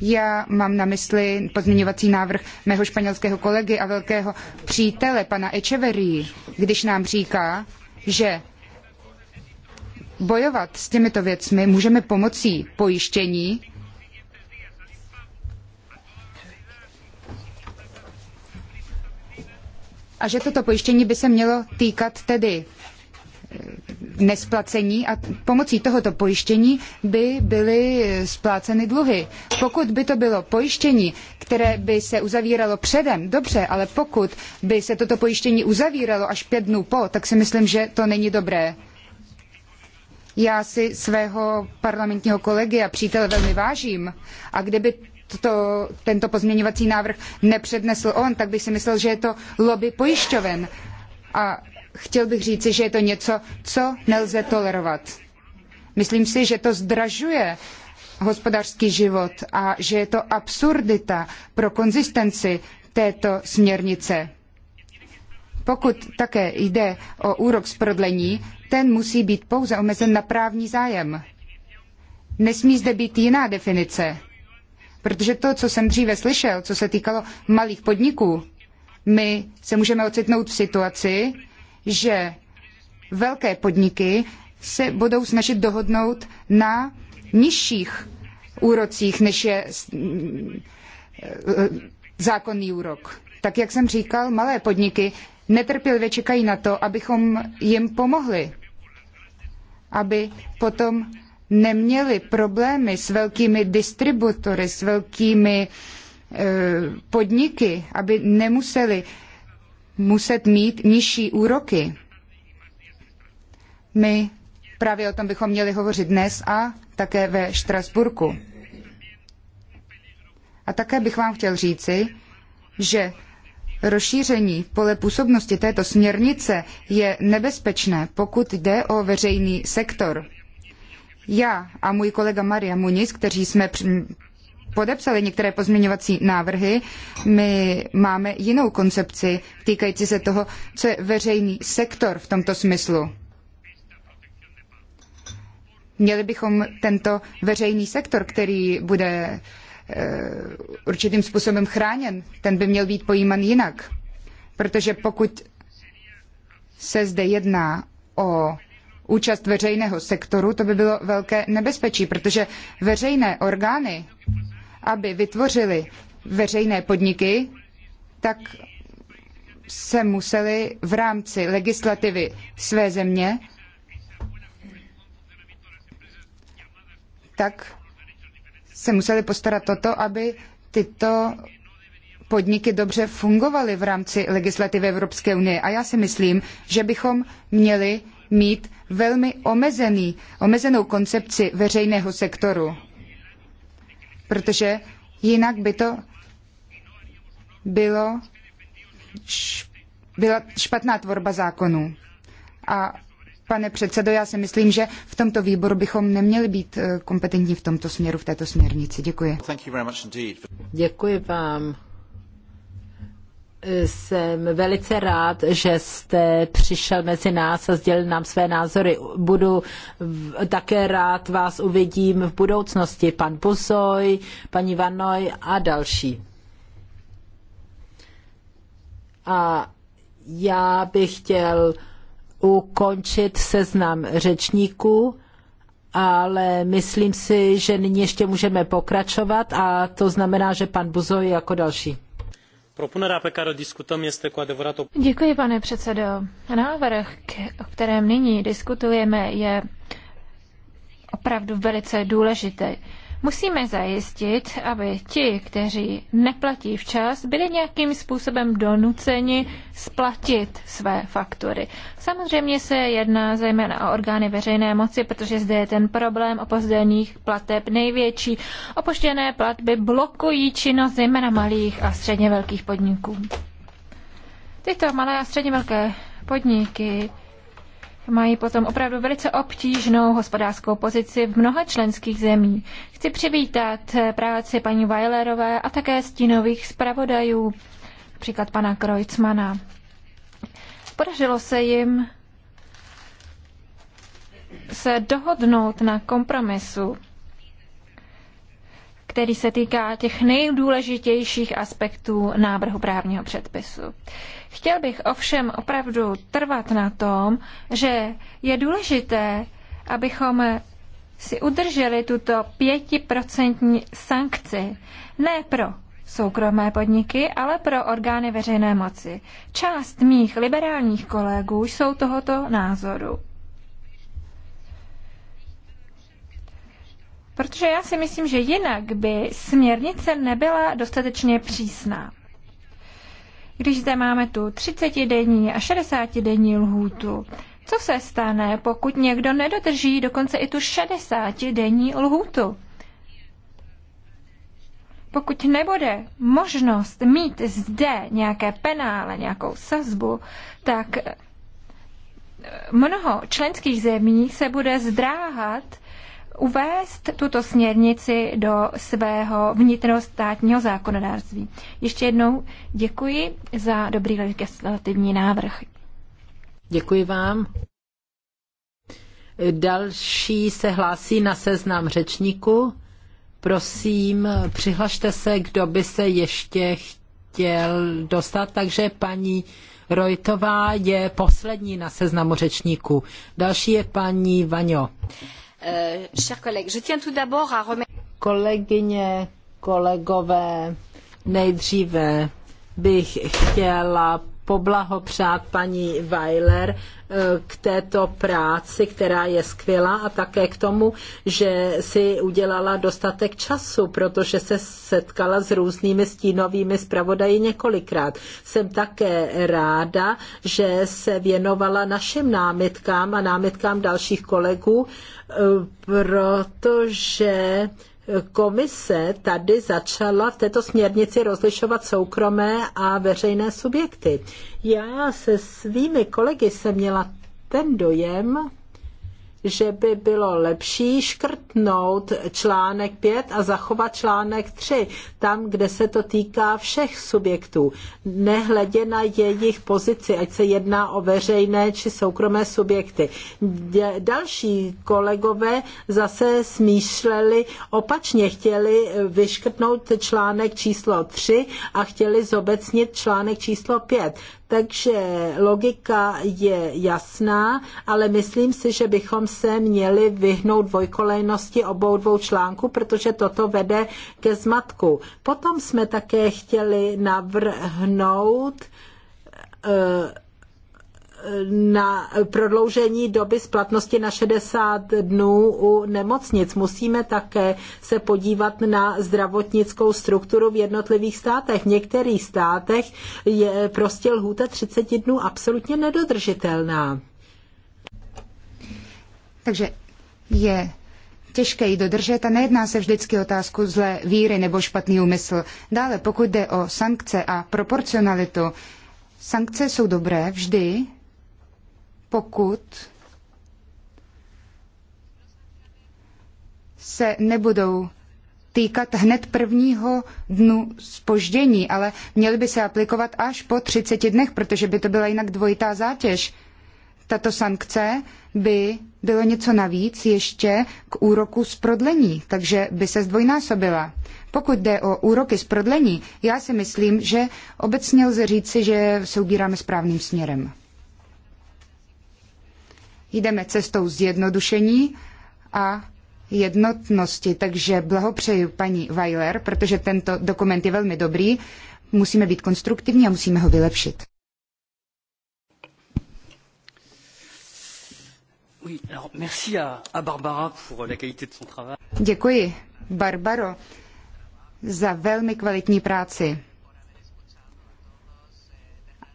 Já mám na mysli pozměňovací návrh mého španělského kolegy a velkého přítele, pana Echeverrii, když nám říká, že bojovat s těmito věcmi můžeme pomocí pojištění, a že toto pojištění by se mělo týkat tedy nesplacení a pomocí tohoto pojištění by byly spláceny dluhy. Pokud by to bylo pojištění, které by se uzavíralo předem, dobře, ale pokud by se toto pojištění uzavíralo až pět dnů po, tak si myslím, že to není dobré. Já si svého parlamentního kolegy a přítele velmi vážím a kdyby to, tento pozměňovací návrh nepřednesl on, tak bych si myslel, že je to lobby pojišťoven. A chtěl bych říci, že je to něco, co nelze tolerovat. Myslím si, že to zdražuje hospodářský život a že je to absurdita pro konzistenci této směrnice. Pokud také jde o úrok z prodlení, ten musí být pouze omezen na právní zájem. Nesmí zde být jiná definice, protože to, co jsem dříve slyšel, co se týkalo malých podniků, my se můžeme ocitnout v situaci, že velké podniky se budou snažit dohodnout na nižších úrocích, než je eh, zákonný úrok. Tak jak jsem říkal, malé podniky netrpělivě čekají na to, abychom jim pomohli, aby potom neměli problémy s velkými distributory, s velkými eh, podniky, aby nemuseli muset mít nižší úroky. My právě o tom bychom měli hovořit dnes a také ve Štrasburku. A také bych vám chtěl říci, že rozšíření pole působnosti této směrnice je nebezpečné, pokud jde o veřejný sektor. Já a můj kolega Maria Muniz, kteří jsme podepsali některé pozměňovací návrhy. My máme jinou koncepci týkající se toho, co je veřejný sektor v tomto smyslu. Měli bychom tento veřejný sektor, který bude eh, určitým způsobem chráněn, ten by měl být pojímán jinak. Protože pokud se zde jedná o účast veřejného sektoru, to by bylo velké nebezpečí, protože veřejné orgány aby vytvořili veřejné podniky, tak se museli v rámci legislativy své země tak se museli postarat o to, aby tyto podniky dobře fungovaly v rámci legislativy Evropské unie. A já si myslím, že bychom měli mít velmi omezený, omezenou koncepci veřejného sektoru protože jinak by to bylo byla špatná tvorba zákonů. A pane předsedo, já si myslím, že v tomto výboru bychom neměli být eh, kompetentní v tomto směru, v této směrnici. Děkuji. Děkuji vám jsem velice rád, že jste přišel mezi nás a sdělil nám své názory. Budu také rád vás uvidím v budoucnosti, pan Pusoj, paní Vanoj a další. A já bych chtěl ukončit seznam řečníků ale myslím si, že nyní ještě můžeme pokračovat a to znamená, že pan Buzoj jako další. Propunerea pe care o discutăm este cu adevărat o... Děkuji, pane předsedo. Návrh, o kterém nyní diskutujeme, je opravdu velice důležitý. Musíme zajistit, aby ti, kteří neplatí včas, byli nějakým způsobem donuceni splatit své faktury. Samozřejmě se jedná zejména o orgány veřejné moci, protože zde je ten problém opozděných plateb největší. Opožděné platby blokují činnost zejména malých a středně velkých podniků. Tyto malé a středně velké podniky mají potom opravdu velice obtížnou hospodářskou pozici v mnoha členských zemí. Chci přivítat eh, práci paní Weilerové a také stínových zpravodajů, například pana Kreutzmana. Podařilo se jim se dohodnout na kompromisu který se týká těch nejdůležitějších aspektů návrhu právního předpisu. Chtěl bych ovšem opravdu trvat na tom, že je důležité, abychom si udrželi tuto pětiprocentní sankci ne pro soukromé podniky, ale pro orgány veřejné moci. Část mých liberálních kolegů jsou tohoto názoru. Protože já si myslím, že jinak by směrnice nebyla dostatečně přísná. Když zde máme tu 30-denní a 60-denní lhůtu, co se stane, pokud někdo nedodrží dokonce i tu 60-denní lhůtu? Pokud nebude možnost mít zde nějaké penále, nějakou sazbu, tak mnoho členských zemí se bude zdráhat uvést tuto směrnici do svého vnitrostátního zákonodárství. Ještě jednou děkuji za dobrý legislativní návrh. Děkuji vám. Další se hlásí na seznam řečníku. Prosím, přihlašte se, kdo by se ještě chtěl dostat. Takže paní Rojtová je poslední na seznamu řečníků. Další je paní Vaňo. Euh, Kolegyně, kolegové, nejdříve bych chtěla poblahopřát paní Weiler eh, k této práci, která je skvělá a také k tomu, že si udělala dostatek času, protože se setkala s různými stínovými zpravodaji několikrát. Jsem také ráda, že se věnovala našim námitkám a námitkám dalších kolegů, eh, protože komise tady začala v této směrnici rozlišovat soukromé a veřejné subjekty. Já se svými kolegy jsem měla ten dojem, že by bylo lepší škrtnout článek 5 a zachovat článek 3, tam, kde se to týká všech subjektů, nehledě na jejich pozici, ať se jedná o veřejné či soukromé subjekty. Další kolegové zase smýšleli opačně, chtěli vyškrtnout článek číslo 3 a chtěli zobecnit článek číslo 5. Takže logika je jasná, ale myslím si, že bychom se měli vyhnout dvojkolejnosti obou dvou článků, protože toto vede ke zmatku. Potom jsme také chtěli navrhnout uh, na prodloužení doby splatnosti na 60 dnů u nemocnic. Musíme také se podívat na zdravotnickou strukturu v jednotlivých státech. V některých státech je prostě lhůta 30 dnů absolutně nedodržitelná. Takže je těžké ji dodržet a nejedná se vždycky otázku zlé víry nebo špatný úmysl. Dále, pokud jde o sankce a proporcionalitu, sankce jsou dobré vždy, pokud se nebudou týkat hned prvního dnu spoždění, ale měly by se aplikovat až po 30 dnech, protože by to byla jinak dvojitá zátěž. Tato sankce by bylo něco navíc ještě k úroku z prodlení, takže by se zdvojnásobila. Pokud jde o úroky z prodlení, já si myslím, že obecně lze říci, že se ubíráme správným směrem jdeme cestou zjednodušení a jednotnosti. Takže blahopřeju paní Weiler, protože tento dokument je velmi dobrý. Musíme být konstruktivní a musíme ho vylepšit. Děkuji, Barbaro, za velmi kvalitní práci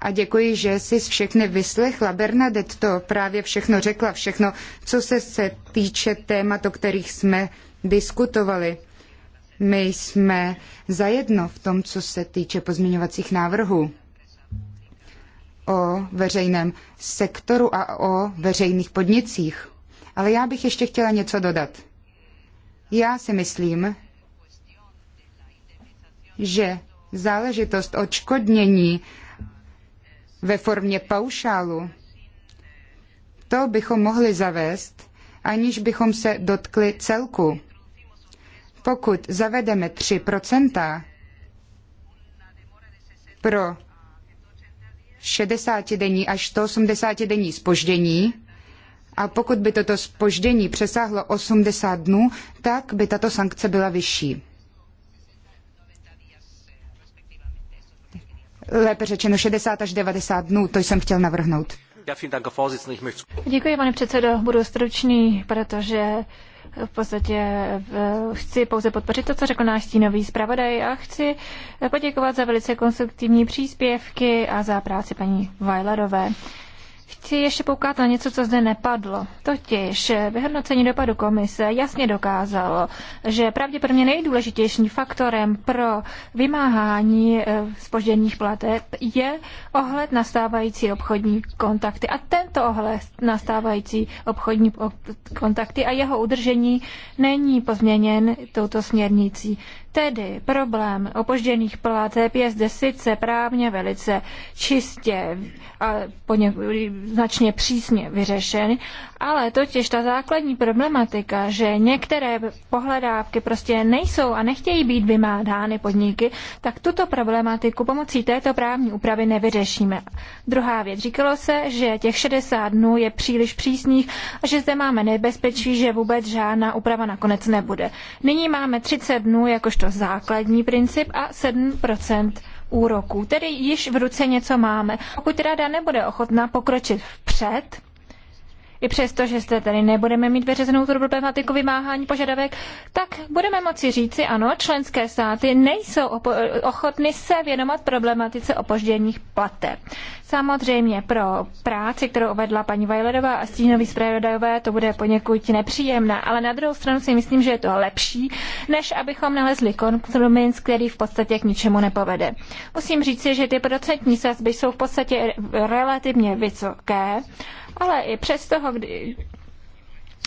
a děkuji, že jsi všechny vyslechla. Bernadette to právě všechno řekla, všechno, co se, se týče témat, o kterých jsme diskutovali. My jsme zajedno v tom, co se týče pozměňovacích návrhů o veřejném sektoru a o veřejných podnicích. Ale já bych ještě chtěla něco dodat. Já si myslím, že záležitost odškodnění ve formě paušálu, to bychom mohli zavést, aniž bychom se dotkli celku. Pokud zavedeme 3 pro 60-denní až 180-denní spoždění, a pokud by toto spoždění přesáhlo 80 dnů, tak by tato sankce byla vyšší. lépe řečeno 60 až 90 dnů, to jsem chtěl navrhnout. Děkuji, pane předsedo. Budu stručný, protože v podstatě eh, chci pouze podpořit to, co řekl náš stínový zpravodaj a chci poděkovat za velice konstruktivní příspěvky a za práci paní Vajlarové. Chci ještě poukázat na něco, co zde nepadlo. Totiž eh, vyhodnocení dopadu komise jasně dokázalo, že pravděpodobně nejdůležitějším faktorem pro vymáhání spožděných eh, plateb je ohled na stávající obchodní kontakty. A tento ohled na stávající obchodní kontakty a jeho udržení není pozměněn touto směrnicí. Tedy problém opožděných plateb je zde sice právně velice čistě a poněk, značně přísně vyřešen, ale totiž ta základní problematika, že některé pohledávky prostě nejsou a nechtějí být vymádány podniky, tak tuto problematiku pomocí této právní úpravy nevyřešíme. Druhá věc, říkalo se, že těch 60 dnů je příliš přísných a že zde máme nebezpečí, že vůbec žádná úprava nakonec nebude. Nyní máme 30 dnů jakožto základní princip a 7 úroků. Tedy již v ruce něco máme. Pokud rada nebude ochotná pokročit vpřed, i přesto, že zde tady nebudeme mít vyřezenou tu problematiku vymáhání požadavek, tak budeme moci říci, ano, členské státy nejsou ochotny se věnovat problematice opožděných plateb. Samozřejmě pro práci, kterou uvedla paní Vajlerová a stínový zpravodajové, to bude poněkud nepříjemné, ale na druhou stranu si myslím, že je to lepší, než abychom nalezli kompromis, který v podstatě k ničemu nepovede. Musím říci, že ty procentní sazby jsou v podstatě relativně vysoké ale i přes toho, kdy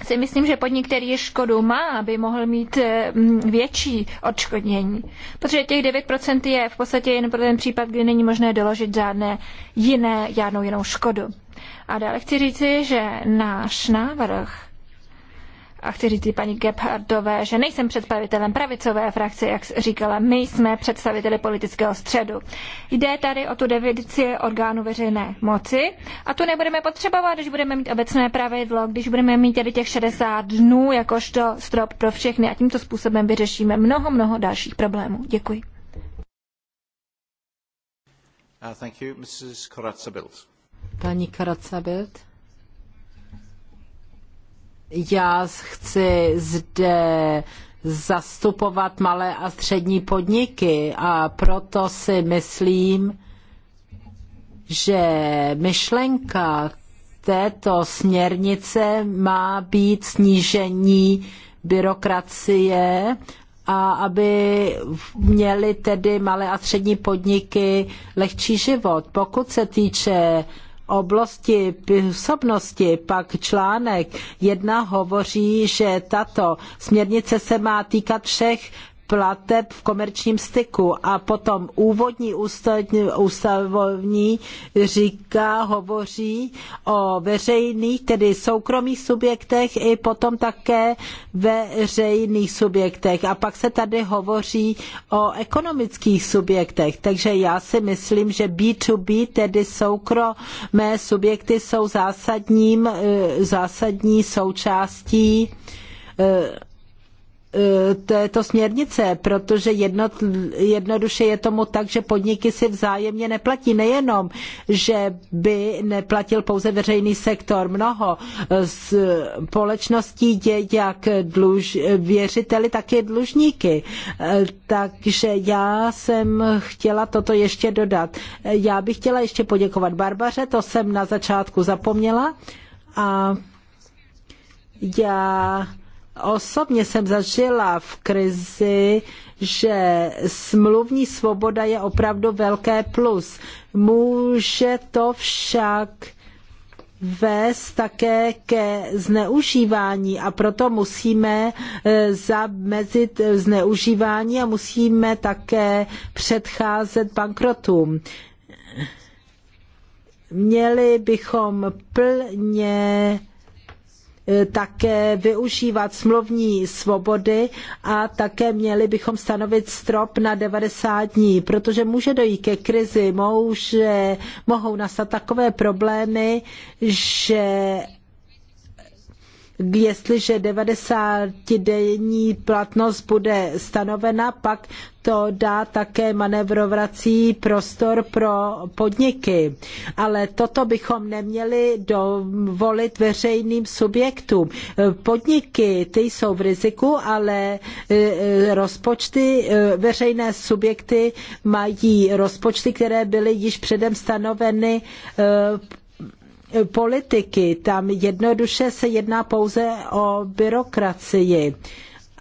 si myslím, že podnik, který škodu má, by mohl mít eh, větší odškodnění. Protože těch 9% je v podstatě jen pro ten případ, kdy není možné doložit žádné jiné, žádnou jinou škodu. A dále chci říci, že náš návrh a chci říct paní Gebhardové, že nejsem představitelem pravicové frakce, jak říkala, my jsme představiteli politického středu. Jde tady o tu definici orgánu veřejné moci a tu nebudeme potřebovat, když budeme mít obecné pravidlo, když budeme mít tedy těch 60 dnů jakožto strop pro všechny a tímto způsobem vyřešíme mnoho, mnoho dalších problémů. Děkuji. Uh, thank you, Mrs. Paní karatsa já chci zde zastupovat malé a střední podniky a proto si myslím, že myšlenka této směrnice má být snížení byrokracie a aby měly tedy malé a střední podniky lehčí život. Pokud se týče oblasti působnosti pak článek 1 hovoří, že tato směrnice se má týkat všech plateb v komerčním styku a potom úvodní ústavní říká, hovoří o veřejných, tedy soukromých subjektech i potom také veřejných subjektech. A pak se tady hovoří o ekonomických subjektech. Takže já si myslím, že B2B, tedy soukromé subjekty, jsou zásadním, e, zásadní součástí e, E, této směrnice, protože jednoduše je tomu tak, že podniky si vzájemně neplatí. Nejenom, že by neplatil pouze veřejný sektor. Mnoho e, společností je jak dluž, věřiteli, tak i dlužníky. E, takže já jsem chtěla toto ještě dodat. Já bych chtěla ještě poděkovat Barbaře, to jsem na začátku zapomněla. A já Osobně jsem zažila v krizi, že smluvní svoboda je opravdu velké plus. Může to však vést také ke zneužívání a proto musíme eh, zamezit eh, zneužívání a musíme také předcházet bankrotům. Měli bychom plně E, také využívat smluvní svobody a také měli bychom stanovit strop na 90 dní, protože může dojít ke krizi, může, mohou nastat takové problémy, že jestliže 90-denní platnost bude stanovena, pak to dá také manevrovací prostor pro podniky. Ale toto bychom neměli dovolit veřejným subjektům. Podniky, ty jsou v riziku, ale e, e, rozpočty, e, veřejné subjekty mají rozpočty, které byly již předem stanoveny politiky. Tam jednoduše se jedná pouze o byrokracii.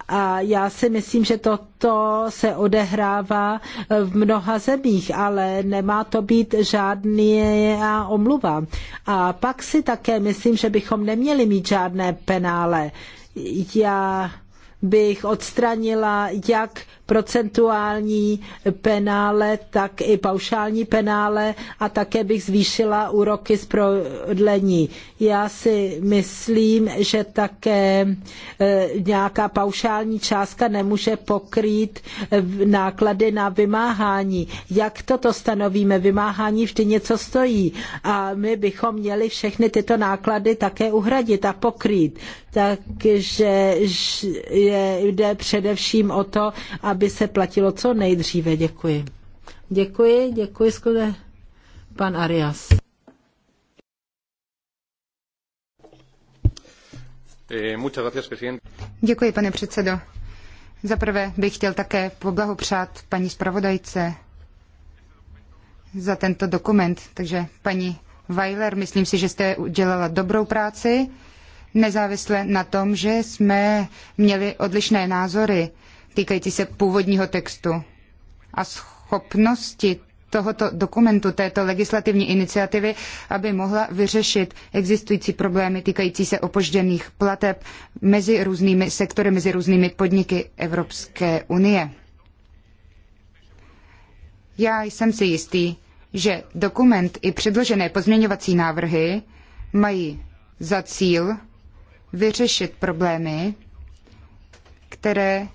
A já si myslím, že toto se odehrává v mnoha zemích, ale nemá to být žádná omluva. A pak si také myslím, že bychom neměli mít žádné penále. Já bych odstranila jak procentuální penále, tak i paušální penále a také bych zvýšila úroky z prodlení. Já si myslím, že také e, nějaká paušální částka nemůže pokrýt e, náklady na vymáhání. Jak toto stanovíme? Vymáhání vždy něco stojí a my bychom měli všechny tyto náklady také uhradit a pokrýt. Takže jde především o to, aby aby se platilo co nejdříve. Děkuji. Děkuji, děkuji, skvěle, Pan Arias. Eh, děkuji, pane předsedo. Za prvé bych chtěl také poblahopřát paní zpravodajce za tento dokument. Takže paní Weiler, myslím si, že jste udělala dobrou práci, nezávisle na tom, že jsme měli odlišné názory týkající se původního textu a schopnosti tohoto dokumentu, této legislativní iniciativy, aby mohla vyřešit existující problémy týkající se opožděných plateb mezi různými sektory, mezi různými podniky Evropské unie. Já jsem si jistý, že dokument i předložené pozměňovací návrhy mají za cíl vyřešit problémy, které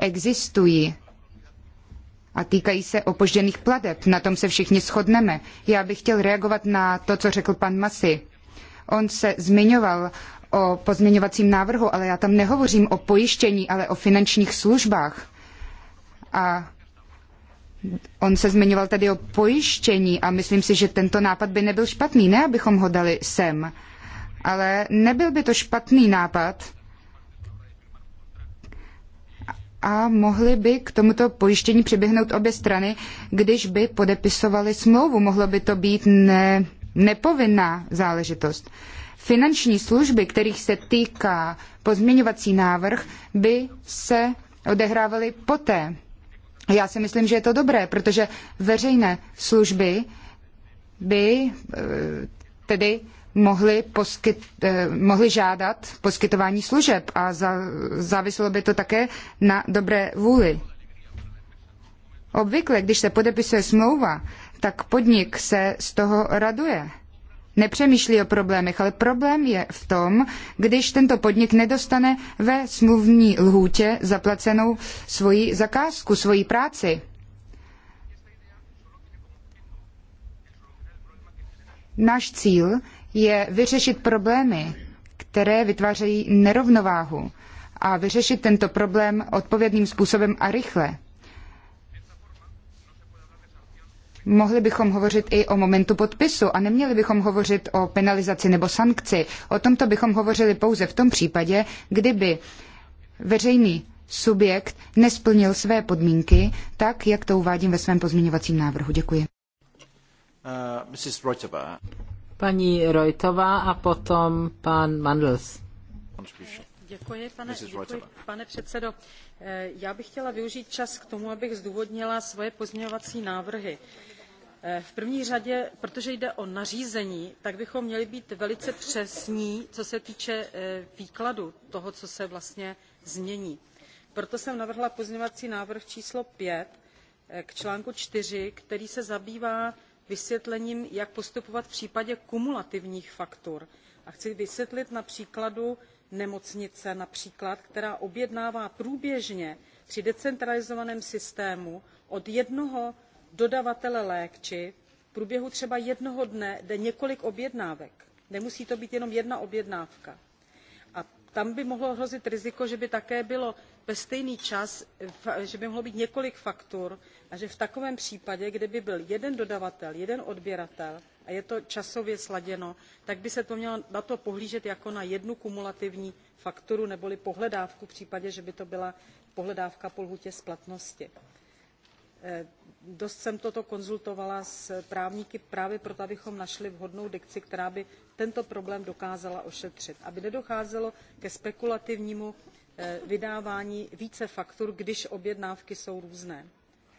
existují a týkají se opožděných plateb. Na tom se všichni shodneme. Já bych chtěl reagovat na to, co řekl pan Masy. On se zmiňoval o pozměňovacím návrhu, ale já tam nehovořím o pojištění, ale o finančních službách. A on se zmiňoval tedy o pojištění a myslím si, že tento nápad by nebyl špatný. Ne, abychom ho dali sem, ale nebyl by to špatný nápad, a mohly by k tomuto pojištění přiběhnout obě strany, když by podepisovali smlouvu. Mohlo by to být ne, nepovinná záležitost. Finanční služby, kterých se týká pozměňovací návrh, by se odehrávaly poté. Já si myslím, že je to dobré, protože veřejné služby by eh, tedy mohli, poskyt, eh, mohli žádat poskytování služeb a za, záviselo by to také na dobré vůli. Obvykle, když se podepisuje smlouva, tak podnik se z toho raduje. Nepřemýšlí o problémech, ale problém je v tom, když tento podnik nedostane ve smluvní lhůtě zaplacenou svoji zakázku, svoji práci. Náš cíl je vyřešit problémy, které vytvářejí nerovnováhu a vyřešit tento problém odpovědným způsobem a rychle. Mohli bychom hovořit i o momentu podpisu a neměli bychom hovořit o penalizaci nebo sankci. O tomto bychom hovořili pouze v tom případě, kdyby veřejný subjekt nesplnil své podmínky, tak jak to uvádím ve svém pozměňovacím návrhu. Děkuji. Uh, paní Rojtová a potom pan Mandels. Děkuji, pane, děkuji, pane předsedo. Eh, já bych chtěla využít čas k tomu, abych zdůvodnila svoje pozměňovací návrhy. Eh, v první řadě, protože jde o nařízení, tak bychom měli být velice přesní, co se týče eh, výkladu toho, co se vlastně změní. Proto jsem navrhla pozměňovací návrh číslo 5 k článku 4, který se zabývá vysvětlením jak postupovat v případě kumulativních faktur a chci vysvětlit na příkladu nemocnice například která objednává průběžně při decentralizovaném systému od jednoho dodavatele léčiv v průběhu třeba jednoho dne jde několik objednávek nemusí to být jenom jedna objednávka a tam by mohlo hrozit riziko že by také bylo ve stejný čas že by mohlo být několik faktur a že v takovém případě kdyby byl jeden dodavatel jeden odběratel a je to časově sladěno tak by se mělo na to pohlížet jako na jednu kumulativní fakturu neboli pohledávku v případě že by to byla pohledávka po lhůtě splatnosti. Eh, dost jsem toto konzultovala s právníky právě proto abychom našli vhodnou dikci která by tento problém dokázala ošetřit aby nedocházelo ke spekulativnímu Eh, vydávání více faktur, když objednávky jsou různé.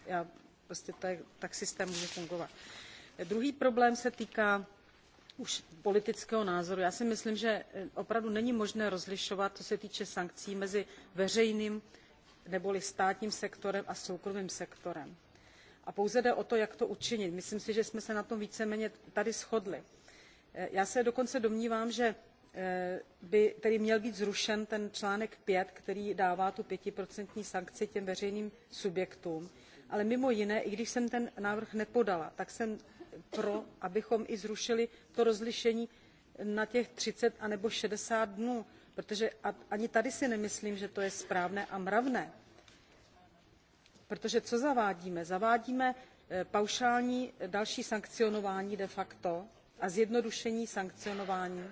Já, prostě tak, tak systém může fungovat. Eh, druhý problém se týká už politického názoru. Já si myslím, že eh, opravdu není možné rozlišovat, co se týče sankcí, mezi veřejným neboli státním sektorem a soukromým sektorem. A pouze jde o to, jak to učinit. Myslím si, že jsme se na tom víceméně tady shodli. Já se dokonce domnívám, že Eh, by tedy měl být zrušen ten článek five který dává tu pětiprocentní sankci těm veřejným subjektům ale mimo jiné i když jsem ten návrh nepodala tak jsem pro abychom i zrušili to rozlišení na těch thirty anebo sixty dnů protože ani tady si nemyslím že to je správné a mravné protože co zavádíme? zavádíme eh, paušální další sankcionování de facto a zjednodušení sankcionování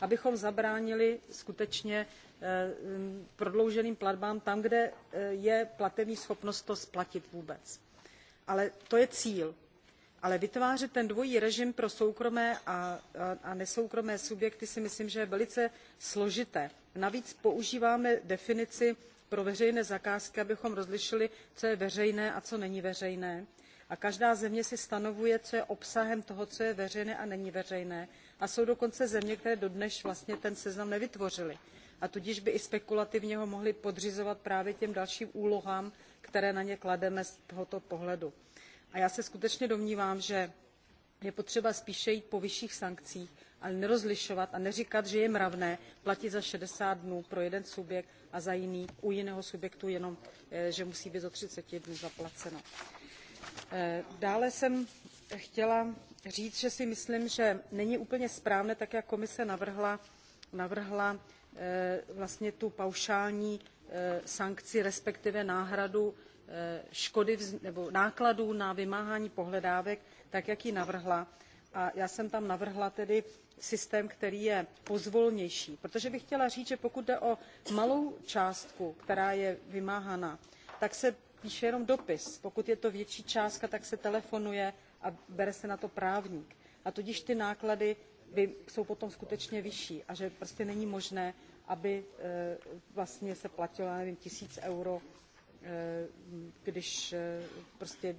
abychom zabránili skutečně eh, prodlouženým platbám tam kde eh, je platební schopnost to splatit vůbec. ale to je cíl. ale vytvářet ten dvojí režim pro soukromé a, nesoukromé subjekty si myslím že je velice složité. navíc používáme definici pro veřejné zakázky abychom rozlišili co je veřejné a co není veřejné a každá země si stanovuje co je obsahem toho co je veřejné a není veřejné a jsou dokonce země které dodnes vlastně ten seznam nevytvořily a tudíž by i spekulativně ho mohly podřizovat právě těm dalším úlohám které na ně klademe z tohoto pohledu. a já se skutečně domnívám že je potřeba spíše jít po vyšších sankcích ale nerozlišovat a neříkat že je mravné platit za sixty dnů pro jeden subjekt a za jiný u jiného subjektu jenom eh, že musí být do thirty dnů zaplaceno. Eh, dále jsem chtěla říct že si myslím že není úplně správné tak jak komise navrhla, navrhla eh, vlastně tu paušální eh, sankci respektive náhradu eh, škody nebo nákladů na vymáhání pohledávek tak jak ji navrhla a já jsem tam navrhla tedy systém který je pozvolnější protože bych chtěla říct že pokud jde o malou částku která je vymáhána tak se píše jenom dopis pokud je to větší částka tak se telefonuje a bere se na to právník a tudíž ty náklady by, jsou potom skutečně vyšší a že prostě není možné aby eh, vlastně se platilo nevím tisíc eur eh, když eh, prostě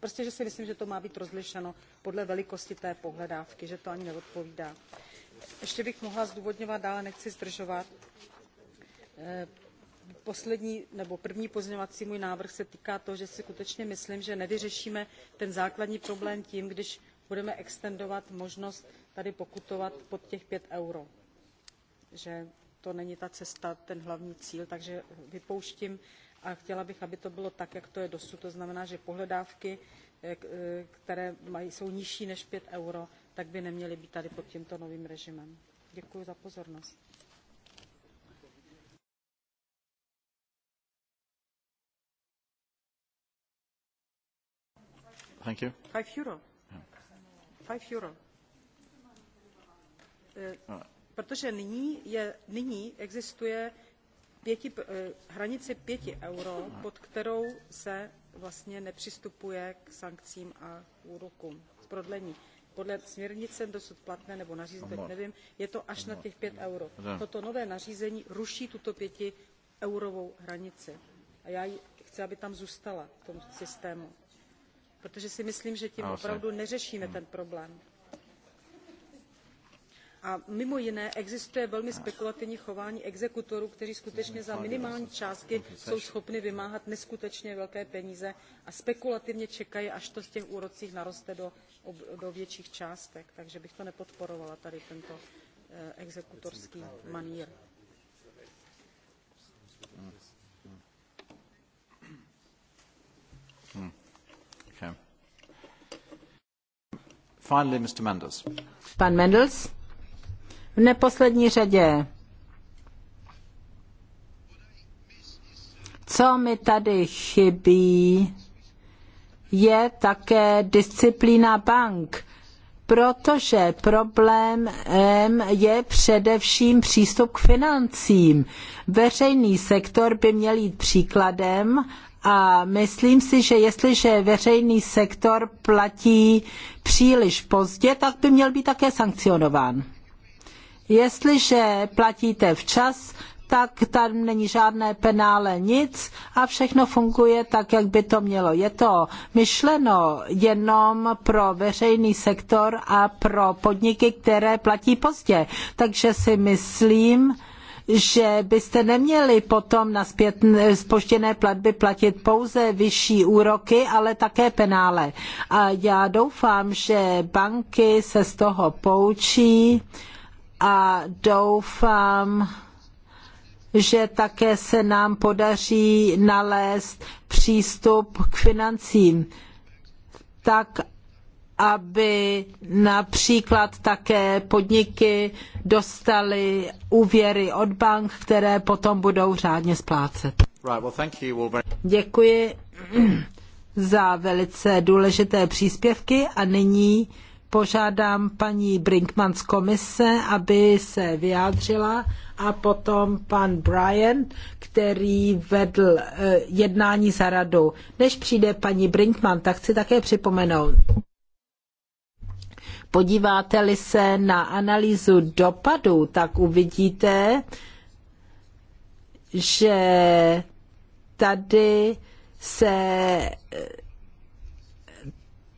prostě že si myslím že to má být rozlišeno podle velikosti té pohledávky že to ani neodpovídá. ještě bych mohla zdůvodňovat dále nechci zdržovat poslední nebo první pozměňovací můj návrh se týká toho že si skutečně myslím že nevyřešíme ten základní problém tím když budeme extendovat možnost tady pokutovat pod těch pět eur že to není ta cesta ten hlavní cíl takže vypouštím a chtěla bych aby to bylo tak jak to je dosud to znamená že pohledávky eh, eh, které mají, jsou nižší než pět eur tak by neměly být tady pod tímto novým režimem. děkuji za pozornost. euro. Eh, protože nyní, je, nyní existuje pěti, eh, hranice pěti euro, pod kterou se vlastně nepřistupuje k sankcím a úrokům z prodlení. Podle směrnice dosud platné nebo nařízení, nevím, je to až na těch pět euro. Toto nové nařízení ruší tuto pěti eurovou hranici. A já chci, aby tam zůstala v tom systému protože si myslím že tím opravdu neřešíme hmm. ten problém. a mimo jiné existuje velmi spekulativní chování exekutorů kteří skutečně za minimální částky jsou schopni vymáhat neskutečně velké peníze a spekulativně čekají až to v těch úrocích naroste do, do větších částek takže bych to nepodporovala tady tento eh, exekutorský manýr. Hmm. hmm. Pan Mendels. V neposlední řadě. Co mi tady chybí, je také disciplína bank, protože problémem je především přístup k financím. Veřejný sektor by měl jít příkladem a myslím si, že jestliže veřejný sektor platí příliš pozdě, tak by měl být také sankcionován. Jestliže platíte včas, tak tam není žádné penále, nic a všechno funguje tak, jak by to mělo. Je to myšleno jenom pro veřejný sektor a pro podniky, které platí pozdě. Takže si myslím, že byste neměli potom na zpět, spoštěné platby platit pouze vyšší úroky, ale také penále. A já doufám, že banky se z toho poučí a doufám, že také se nám podaří nalézt přístup k financím tak, aby například také podniky dostaly úvěry od bank, které potom budou řádně splácet. Děkuji za velice důležité příspěvky a nyní požádám paní Brinkman z komise, aby se vyjádřila a potom pan Brian, který vedl eh, jednání za radu. Než přijde paní Brinkman, tak chci také připomenout, Podíváte-li se na analýzu dopadů, tak uvidíte, že tady se eh,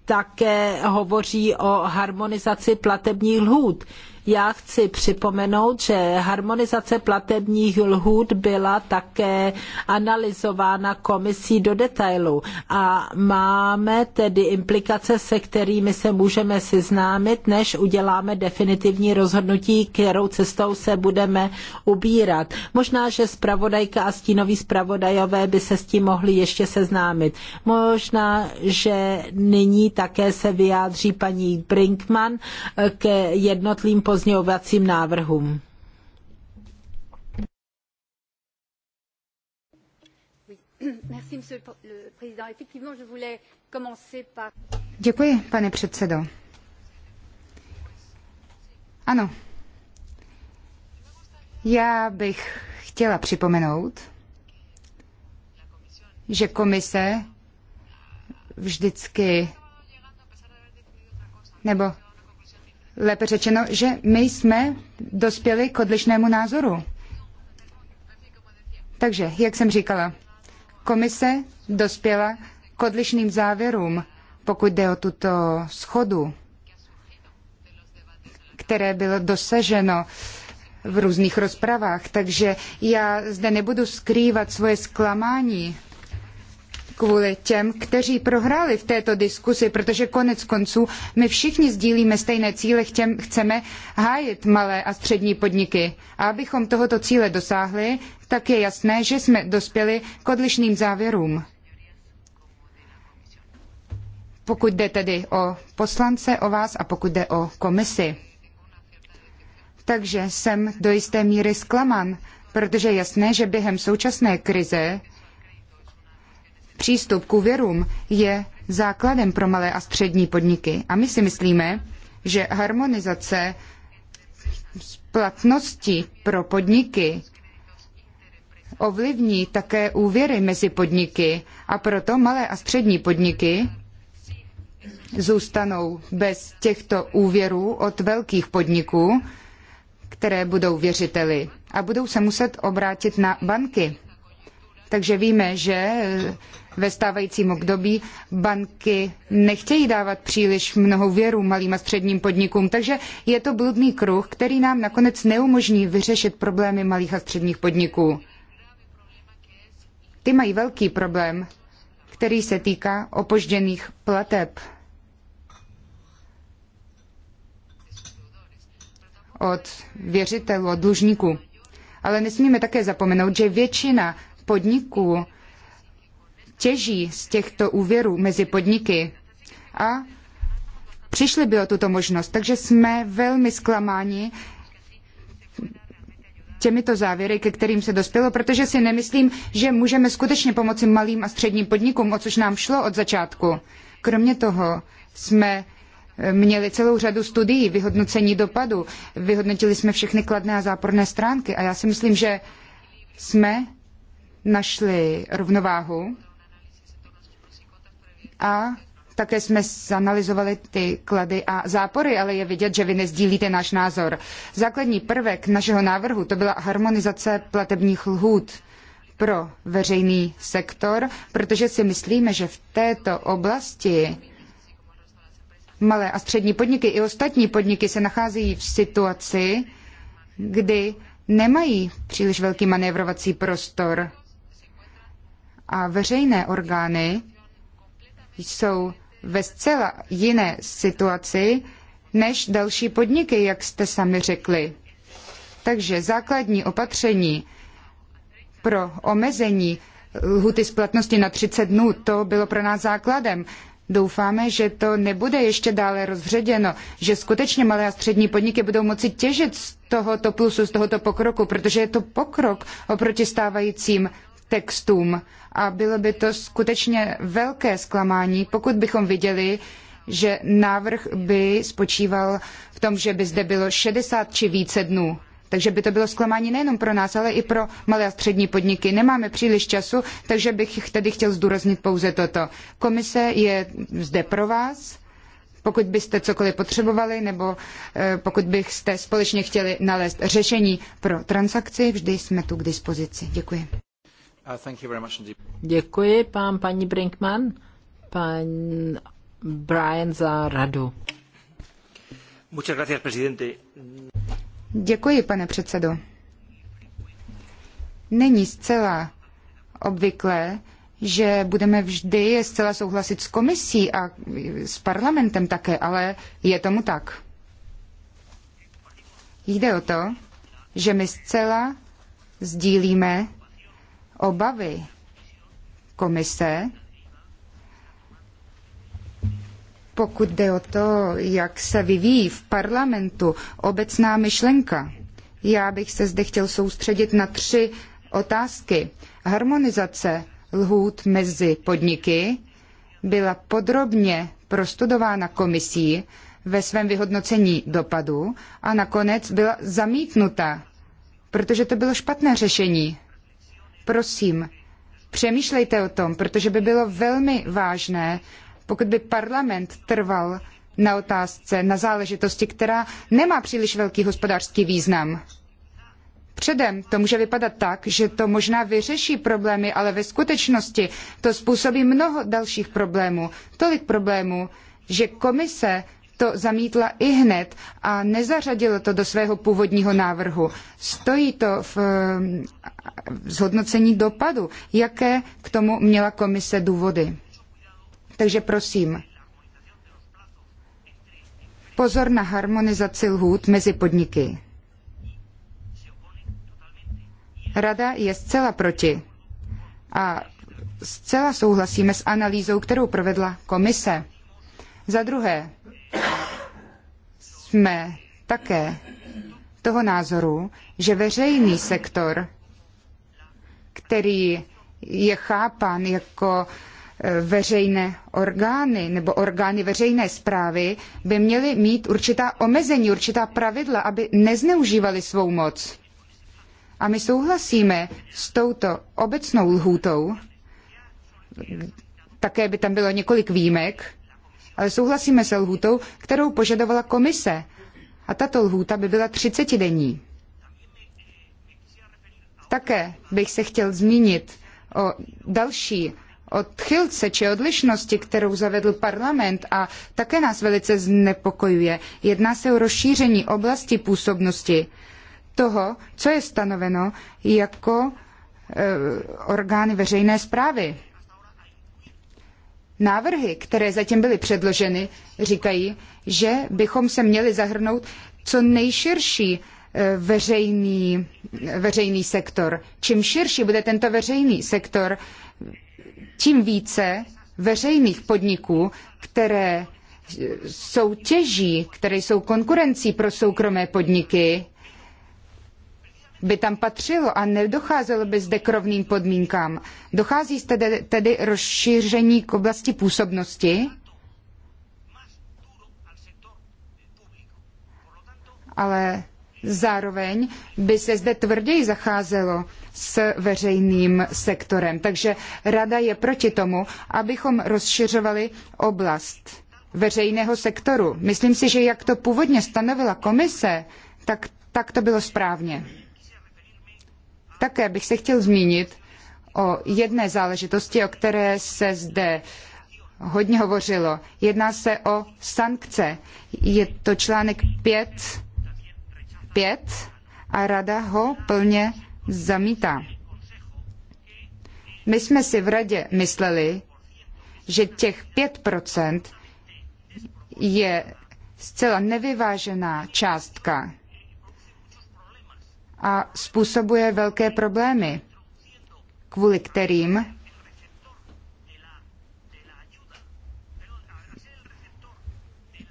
také hovoří o harmonizaci platebních lhůt. Já chci připomenout, že harmonizace platebních lhůt byla také analyzována komisí do detailu a máme tedy implikace, se kterými se můžeme seznámit, než uděláme definitivní rozhodnutí, kterou cestou se budeme ubírat. Možná, že zpravodajka a stínoví zpravodajové by se s tím mohli ještě seznámit. Možná, že nyní také se vyjádří paní Brinkman ke jednotlivým pozměňovacím návrhům. Děkuji, pane předsedo. Ano. Já bych chtěla připomenout, že komise vždycky nebo lépe řečeno, že my jsme dospěli k odlišnému názoru. Takže, jak jsem říkala, komise dospěla k odlišným závěrům, pokud jde o tuto schodu, které bylo dosaženo v různých rozpravách. Takže já zde nebudu skrývat svoje zklamání kvůli těm, kteří prohráli v této diskusi, protože konec konců my všichni sdílíme stejné cíle, chtěm, chceme hájit malé a střední podniky. A abychom tohoto cíle dosáhli, tak je jasné, že jsme dospěli k odlišným závěrům. Pokud jde tedy o poslance, o vás a pokud jde o komisi. Takže jsem do jisté míry zklamán, protože je jasné, že během současné krize Přístup k úvěrům je základem pro malé a střední podniky a my si myslíme, že harmonizace splatnosti pro podniky ovlivní také úvěry mezi podniky a proto malé a střední podniky zůstanou bez těchto úvěrů od velkých podniků, které budou věřiteli a budou se muset obrátit na banky. Takže víme, že ve stávajícím období banky nechtějí dávat příliš mnoho věru malým a středním podnikům, takže je to bludný kruh, který nám nakonec neumožní vyřešit problémy malých a středních podniků. Ty mají velký problém, který se týká opožděných plateb. od věřitelů, od dlužníků. Ale nesmíme také zapomenout, že většina podniků těží z těchto úvěrů mezi podniky a přišli by o tuto možnost. Takže jsme velmi zklamáni těmito závěry, ke kterým se dospělo, protože si nemyslím, že můžeme skutečně pomoci malým a středním podnikům, o což nám šlo od začátku. Kromě toho jsme eh, měli celou řadu studií, vyhodnocení dopadu, vyhodnotili jsme všechny kladné a záporné stránky a já si myslím, že jsme našli rovnováhu a také jsme zanalizovali ty klady a zápory, ale je vidět, že vy nezdílíte náš názor. Základní prvek našeho návrhu to byla harmonizace platebních lhůt pro veřejný sektor, protože si myslíme, že v této oblasti malé a střední podniky i ostatní podniky se nacházejí v situaci, kdy nemají příliš velký manévrovací prostor. A veřejné orgány jsou ve zcela jiné situaci než další podniky, jak jste sami řekli. Takže základní opatření pro omezení lhuty splatnosti na 30 dnů, to bylo pro nás základem. Doufáme, že to nebude ještě dále rozředěno, že skutečně malé a střední podniky budou moci těžit z tohoto plusu, z tohoto pokroku, protože je to pokrok oproti stávajícím textům a bylo by to skutečně velké zklamání, pokud bychom viděli, že návrh by spočíval v tom, že by zde bylo 60 či více dnů. Takže by to bylo zklamání nejenom pro nás, ale i pro malé a střední podniky. Nemáme příliš času, takže bych tedy chtěl zdůraznit pouze toto. Komise je zde pro vás. Pokud byste cokoliv potřebovali, nebo eh, pokud byste společně chtěli nalézt řešení pro transakci, vždy jsme tu k dispozici. Děkuji. Uh, Děkuji, pán paní Brinkman, pan Brian za radu. Děkuji, pane předsedo. Není zcela obvyklé, že budeme vždy zcela souhlasit s komisí a s parlamentem také, ale je tomu tak. Jde o to, že my zcela sdílíme obavy komise, pokud jde o to, jak se vyvíjí v parlamentu obecná myšlenka. Já bych se zde chtěl soustředit na tři otázky. Harmonizace lhůt mezi podniky byla podrobně prostudována komisí ve svém vyhodnocení dopadu a nakonec byla zamítnuta, protože to bylo špatné řešení. Prosím, přemýšlejte o tom, protože by bylo velmi vážné, pokud by parlament trval na otázce, na záležitosti, která nemá příliš velký hospodářský význam. Předem to může vypadat tak, že to možná vyřeší problémy, ale ve skutečnosti to způsobí mnoho dalších problémů. Tolik problémů, že komise to zamítla i hned a nezařadila to do svého původního návrhu. Stojí to v zhodnocení dopadu, jaké k tomu měla komise důvody. Takže prosím, pozor na harmonizaci lhůt mezi podniky. Rada je zcela proti a zcela souhlasíme s analýzou, kterou provedla komise. Za druhé, jsme také toho názoru, že veřejný sektor, který je chápan jako e, veřejné orgány nebo orgány veřejné správy, by měly mít určitá omezení, určitá pravidla, aby nezneužívali svou moc. A my souhlasíme s touto obecnou lhůtou, také by tam bylo několik výjimek, ale souhlasíme se lhůtou, kterou požadovala komise. A tato lhůta by byla 30 denní. Také bych se chtěl zmínit o další odchylce či odlišnosti, kterou zavedl parlament a také nás velice znepokojuje. Jedná se o rozšíření oblasti působnosti toho, co je stanoveno jako e, orgány veřejné správy. Návrhy, které zatím byly předloženy, říkají, že bychom se měli zahrnout co nejširší e, veřejný, veřejný sektor. Čím širší bude tento veřejný sektor, tím více veřejných podniků, které e, soutěží, které jsou konkurencí pro soukromé podniky, by tam patřilo a nedocházelo by zde k rovným podmínkám. Dochází tedy, tedy rozšíření k oblasti působnosti, ale zároveň by se zde tvrději zacházelo s veřejným sektorem. Takže rada je proti tomu, abychom rozšiřovali oblast veřejného sektoru. Myslím si, že jak to původně stanovila komise, tak, tak to bylo správně. Také bych se chtěl zmínit o jedné záležitosti, o které se zde hodně hovořilo. Jedná se o sankce. Je to článek 5, 5 a rada ho plně zamítá. My jsme si v radě mysleli, že těch 5% je zcela nevyvážená částka a způsobuje velké problémy, kvůli kterým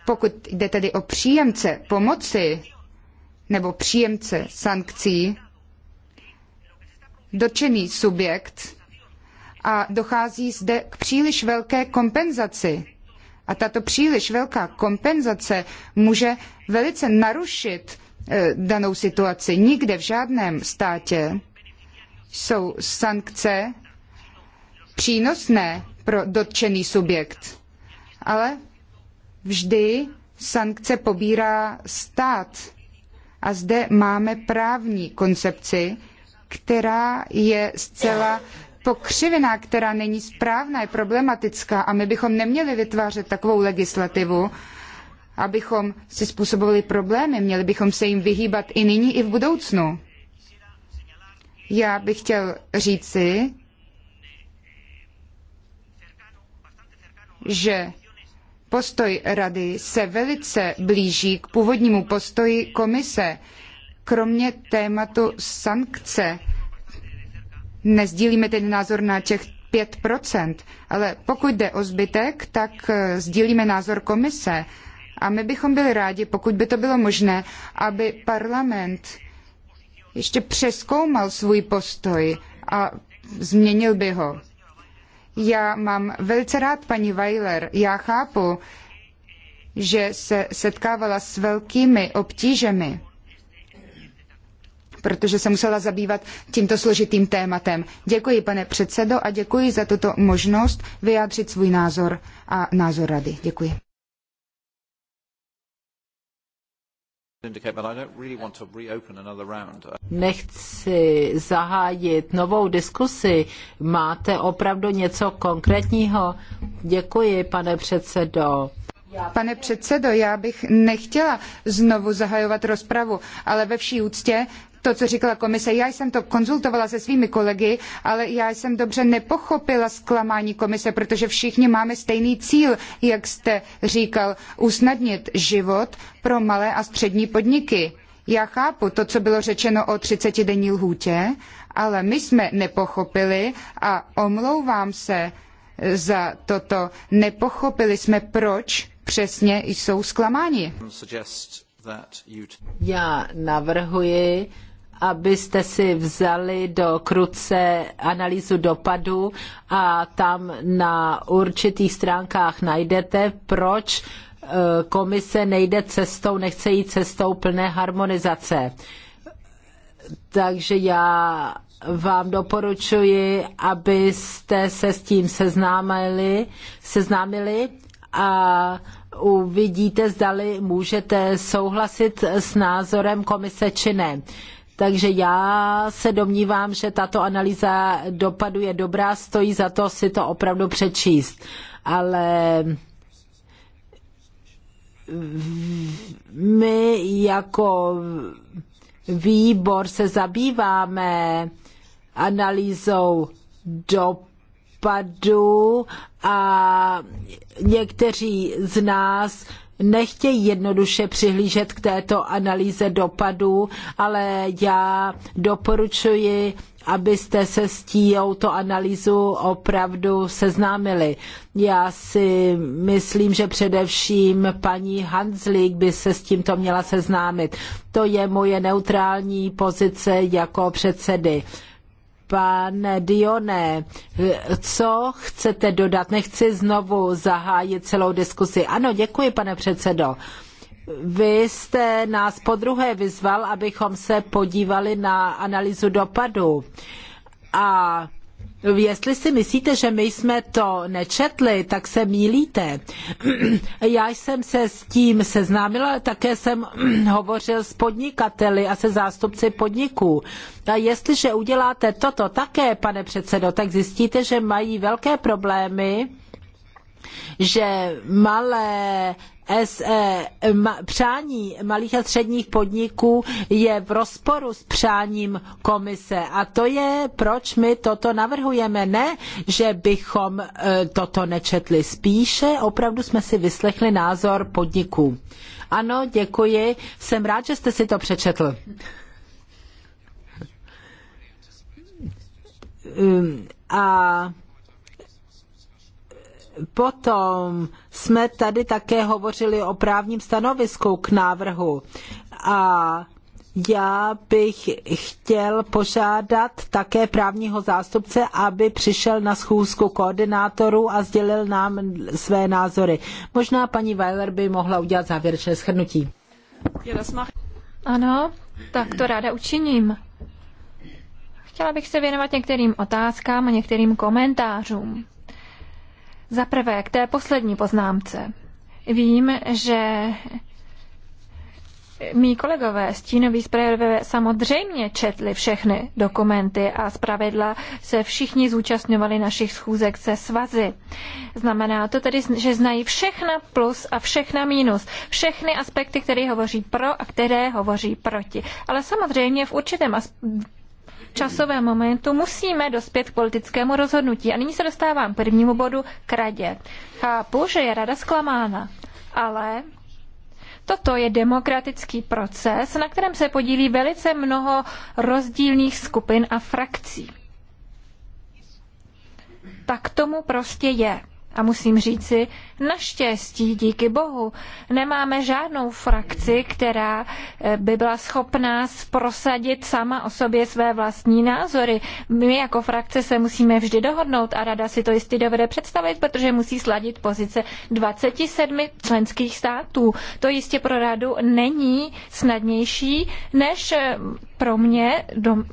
pokud jde tedy o příjemce pomoci nebo příjemce sankcí, dotčený subjekt a dochází zde k příliš velké kompenzaci. A tato příliš velká kompenzace může velice narušit Eh, danou situaci. Nikde v žádném státě jsou sankce přínosné pro dotčený subjekt, ale vždy sankce pobírá stát. A zde máme právní koncepci, která je zcela pokřivená, která není správná, je problematická a my bychom neměli vytvářet takovou legislativu, abychom si způsobovali problémy. Měli bychom se jim vyhýbat i nyní, i v budoucnu. Já bych chtěl říci, že postoj Rady se velice blíží k původnímu postoji komise. Kromě tématu sankce nezdílíme ten názor na těch 5%, ale pokud jde o zbytek, tak eh, sdílíme názor komise a my bychom byli rádi, pokud by to bylo možné, aby parlament ještě přeskoumal svůj postoj a změnil by ho. Já mám velice rád paní Weiler. Já chápu, že se setkávala s velkými obtížemi, protože se musela zabývat tímto složitým tématem. Děkuji, pane předsedo, a děkuji za tuto možnost vyjádřit svůj názor a názor rady. Děkuji. Nechci zahájit novou diskusi. Máte opravdu něco konkrétního? Děkuji, pane předsedo. Pane předsedo, já bych nechtěla znovu zahajovat rozpravu, ale ve vší úctě to, co říkala komise, já jsem to konzultovala se svými kolegy, ale já jsem dobře nepochopila zklamání komise, protože všichni máme stejný cíl, jak jste říkal, usnadnit život pro malé a střední podniky. Já chápu to, co bylo řečeno o 30-denní lhůtě, ale my jsme nepochopili a omlouvám se za toto. Nepochopili jsme, proč přesně jsou zklamáni. Já navrhuji, abyste si vzali do kruce analýzu dopadu a tam na určitých stránkách najdete, proč eh, komise nejde cestou, nechce jít cestou plné harmonizace. Takže já vám doporučuji, abyste se s tím seznámili, seznámili a uvidíte, zdali můžete souhlasit s názorem komise či ne. Takže já se domnívám, že tato analýza dopadu je dobrá, stojí za to si to opravdu přečíst. Ale my jako výbor se zabýváme analýzou dopadu dopadů a někteří z nás nechtějí jednoduše přihlížet k této analýze dopadů, ale já doporučuji, abyste se s touto analýzu opravdu seznámili. Já si myslím, že především paní Hanslík by se s tímto měla seznámit. To je moje neutrální pozice jako předsedy. Pane Dione, co chcete dodat? Nechci znovu zahájit celou diskusi. Ano, děkuji, pane předsedo. Vy jste nás podruhé vyzval, abychom se podívali na analýzu dopadu. A Jestli si myslíte, že my jsme to nečetli, tak se mílíte. Já jsem se s tím seznámila, také jsem hovořil s podnikateli a se zástupci podniků. A jestliže uděláte toto také, pane předsedo, tak zjistíte, že mají velké problémy že malé Eh, přání malých a středních podniků je v rozporu s přáním komise. A to je, proč my toto navrhujeme. Ne, že bychom eh, toto nečetli. Spíše opravdu jsme si vyslechli názor podniků. Ano, děkuji. Jsem rád, že jste si to přečetl. Hm. A Potom jsme tady také hovořili o právním stanovisku k návrhu a já bych chtěl požádat také právního zástupce, aby přišel na schůzku koordinátorů a sdělil nám své názory. Možná paní Weiler by mohla udělat závěrečné shrnutí. Ano, tak to ráda učiním. Chtěla bych se věnovat některým otázkám a některým komentářům. Za prvé, k té poslední poznámce. Vím, že Mí kolegové stínoví zpravodajové samozřejmě četli všechny dokumenty a zpravidla se všichni zúčastňovali našich schůzek se svazy. Znamená to tedy, že znají všechna plus a všechna minus, všechny aspekty, které hovoří pro a které hovoří proti. Ale samozřejmě v určitém časovém momentu musíme dospět k politickému rozhodnutí. A nyní se dostávám k prvnímu bodu k radě. Chápu, že je rada zklamána, ale Toto je demokratický proces, na kterém se podílí velice mnoho rozdílných skupin a frakcí. Tak tomu prostě je a musím říci, naštěstí, díky bohu, nemáme žádnou frakci, která eh, by byla schopná prosadit sama o sobě své vlastní názory. My jako frakce se musíme vždy dohodnout a rada si to jistě dovede představit, protože musí sladit pozice 27 členských států. To jistě pro radu není snadnější než eh, pro mě dom-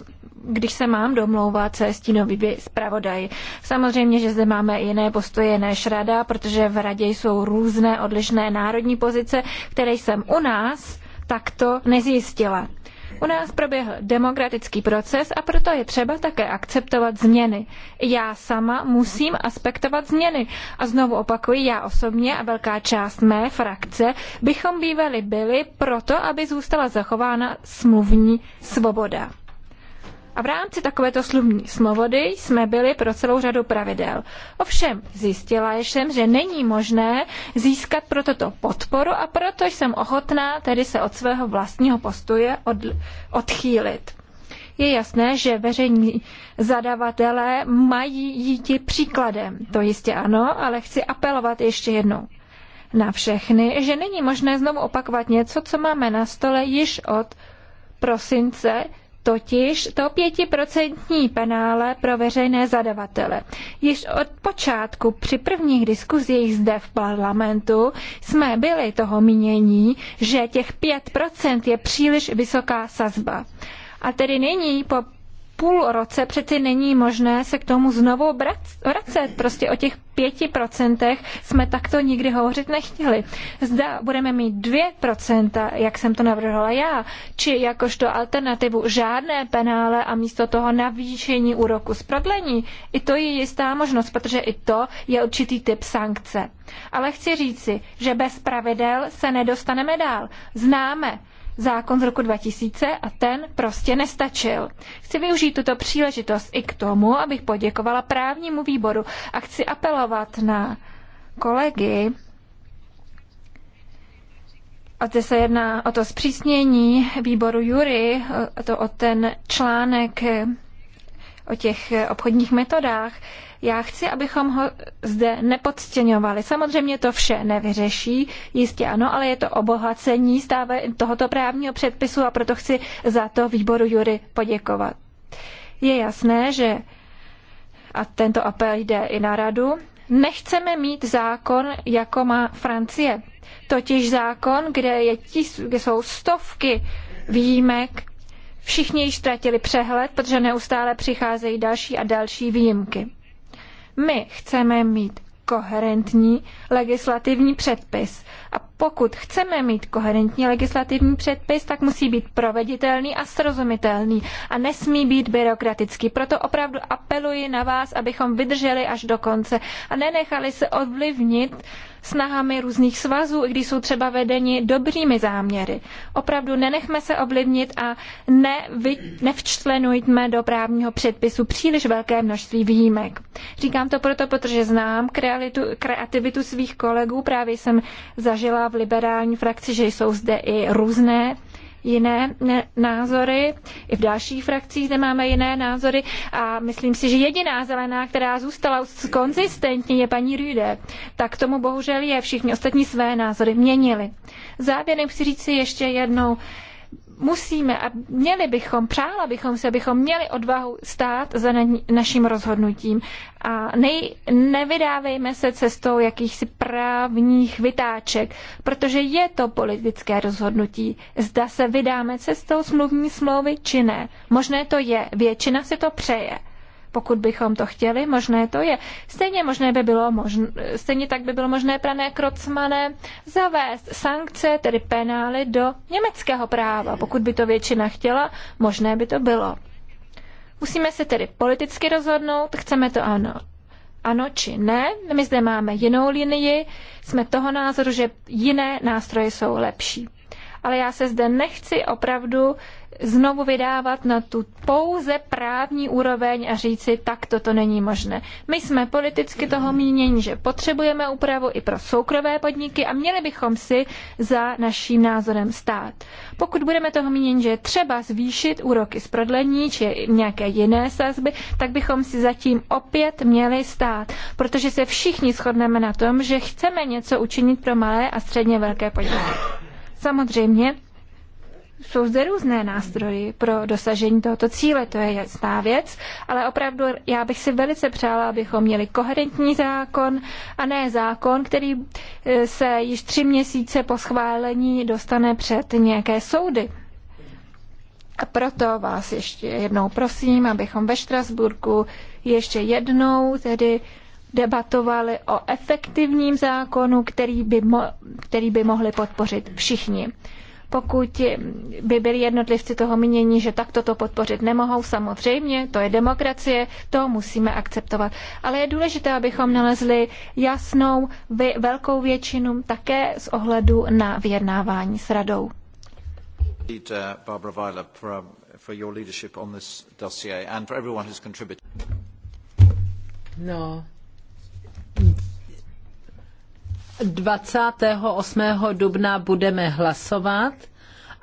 když se mám domlouvat se stínovými zpravodaji. Samozřejmě, že zde máme jiné postoje než rada, protože v radě jsou různé odlišné národní pozice, které jsem u nás takto nezjistila. U nás proběhl demokratický proces a proto je třeba také akceptovat změny. Já sama musím aspektovat změny. A znovu opakuji, já osobně a velká část mé frakce bychom bývali byli proto, aby zůstala zachována smluvní svoboda. A v rámci takovéto smlouvody jsme byli pro celou řadu pravidel. Ovšem, zjistila jsem, že není možné získat pro toto podporu a proto jsem ochotná tedy se od svého vlastního postoje od, odchýlit. Je jasné, že veřejní zadavatelé mají jít příkladem. To jistě ano, ale chci apelovat ještě jednou na všechny, že není možné znovu opakovat něco, co máme na stole již od prosince totiž to pětiprocentní penále pro veřejné zadavatele. Již od počátku při prvních diskuzích zde v parlamentu jsme byli toho mínění, že těch 5% je příliš vysoká sazba. A tedy nyní po půl roce přeci není možné se k tomu znovu vracet. Prostě o těch pěti procentech jsme takto nikdy hovořit nechtěli. Zda budeme mít dvě procenta, jak jsem to navrhla já, či jakožto alternativu žádné penále a místo toho navýšení úroku z prodlení, i to je jistá možnost, protože i to je určitý typ sankce. Ale chci říci, že bez pravidel se nedostaneme dál. Známe zákon z roku 2000 a ten prostě nestačil. Chci využít tuto příležitost i k tomu, abych poděkovala právnímu výboru a chci apelovat na kolegy, a zde se jedná o to zpřísnění výboru Jury, o, to, o ten článek o těch obchodních metodách, já chci, abychom ho zde nepodceňovali. Samozřejmě to vše nevyřeší, jistě ano, ale je to obohacení stáve tohoto právního předpisu a proto chci za to výboru Jury poděkovat. Je jasné, že a tento apel jde i na radu, nechceme mít zákon, jako má Francie. Totiž zákon, kde, je tis, kde jsou stovky výjimek, všichni již ztratili přehled, protože neustále přicházejí další a další výjimky. My chceme mít koherentní legislativní předpis. A pokud chceme mít koherentní legislativní předpis, tak musí být proveditelný a srozumitelný a nesmí být byrokratický. Proto opravdu apeluji na vás, abychom vydrželi až do konce a nenechali se ovlivnit snahami různých svazů, i když jsou třeba vedeni dobrými záměry. Opravdu nenechme se ovlivnit a nevy, nevčlenujme do právního předpisu příliš velké množství výjimek. Říkám to proto, protože znám kreativitu svých kolegů. Právě jsem zažila v liberální frakci, že jsou zde i různé jiné názory, i v dalších frakcích zde máme jiné názory a myslím si, že jediná zelená, která zůstala konzistentně, je paní Rüde. Tak tomu bohužel je, všichni ostatní své názory měnili. Závěrem chci říct si ještě jednou, musíme a měli bychom, přála bychom se, abychom měli odvahu stát za naším rozhodnutím a nej, nevydávejme se cestou jakýchsi právních vytáček, protože je to politické rozhodnutí. Zda se vydáme cestou smluvní smlouvy či ne. Možné to je, většina si to přeje pokud bychom to chtěli, možné to je. Stejně, možné by bylo možn... Stejně tak by bylo možné, prané Krocmane, zavést sankce, tedy penály, do německého práva. Pokud by to většina chtěla, možné by to bylo. Musíme se tedy politicky rozhodnout, chceme to ano. Ano či ne, my zde máme jinou linii, jsme toho názoru, že jiné nástroje jsou lepší. Ale já se zde nechci opravdu znovu vydávat na tu pouze právní úroveň a říci, tak toto není možné. My jsme politicky toho mínění, že potřebujeme úpravu i pro soukromé podniky a měli bychom si za naším názorem stát. Pokud budeme toho mínění, že je třeba zvýšit úroky z prodlení či nějaké jiné sazby, tak bychom si zatím opět měli stát, protože se všichni shodneme na tom, že chceme něco učinit pro malé a středně velké podniky. Samozřejmě, jsou zde různé nástroje pro dosažení tohoto cíle, to je jasná věc, ale opravdu já bych si velice přála, abychom měli koherentní zákon a ne zákon, který eh, se již tři měsíce po schválení dostane před nějaké soudy. A proto vás ještě jednou prosím, abychom ve Štrasburku ještě jednou tedy debatovali o efektivním zákonu, který by, mo- který by mohli podpořit všichni. Pokud by byli jednotlivci toho mínění, že takto to podpořit nemohou, samozřejmě, to je demokracie, to musíme akceptovat. Ale je důležité, abychom nalezli jasnou, velkou většinu také z ohledu na vyjednávání s radou. Um, no, 28. dubna budeme hlasovat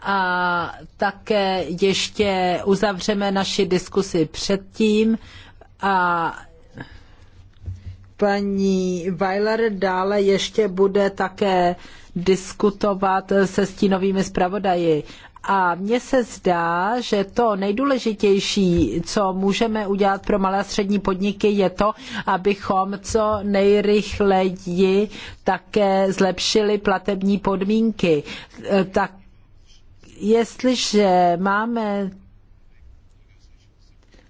a také ještě uzavřeme naši diskusi předtím a paní Weiler dále ještě bude také diskutovat se stínovými zpravodaji a mně se zdá, že to nejdůležitější, co můžeme udělat pro malé a střední podniky, je to, abychom co nejrychleji také zlepšili platební podmínky. E, tak jestliže máme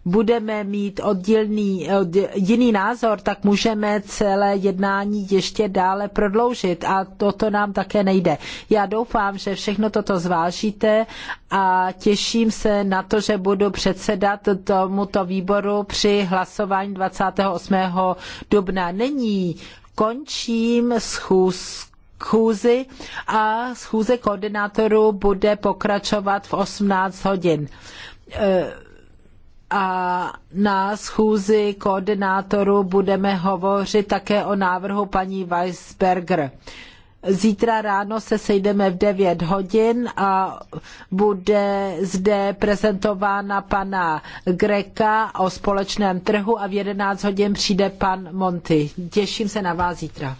budeme mít oddílný, jiný názor, tak můžeme celé jednání ještě dále prodloužit a toto nám také nejde. Já doufám, že všechno toto zvážíte a těším se na to, že budu předsedat tomuto výboru při hlasování 28. dubna. Není končím schůzku schůzi a schůze koordinátorů bude pokračovat v 18 hodin. Eh, a na schůzi koordinátorů budeme hovořit také o návrhu paní Weisberger. Zítra ráno se sejdeme v 9 hodin a bude zde prezentována pana Greka o společném trhu a v 11 hodin přijde pan Monty. Těším se na vás zítra.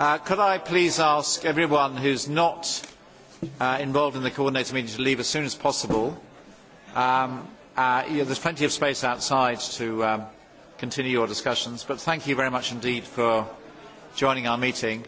Uh, could I please ask everyone who is not uh, involved in the coordinator meeting to leave as soon as possible? Um, uh, there is plenty of space outside to um, continue your discussions, but thank you very much indeed for joining our meeting.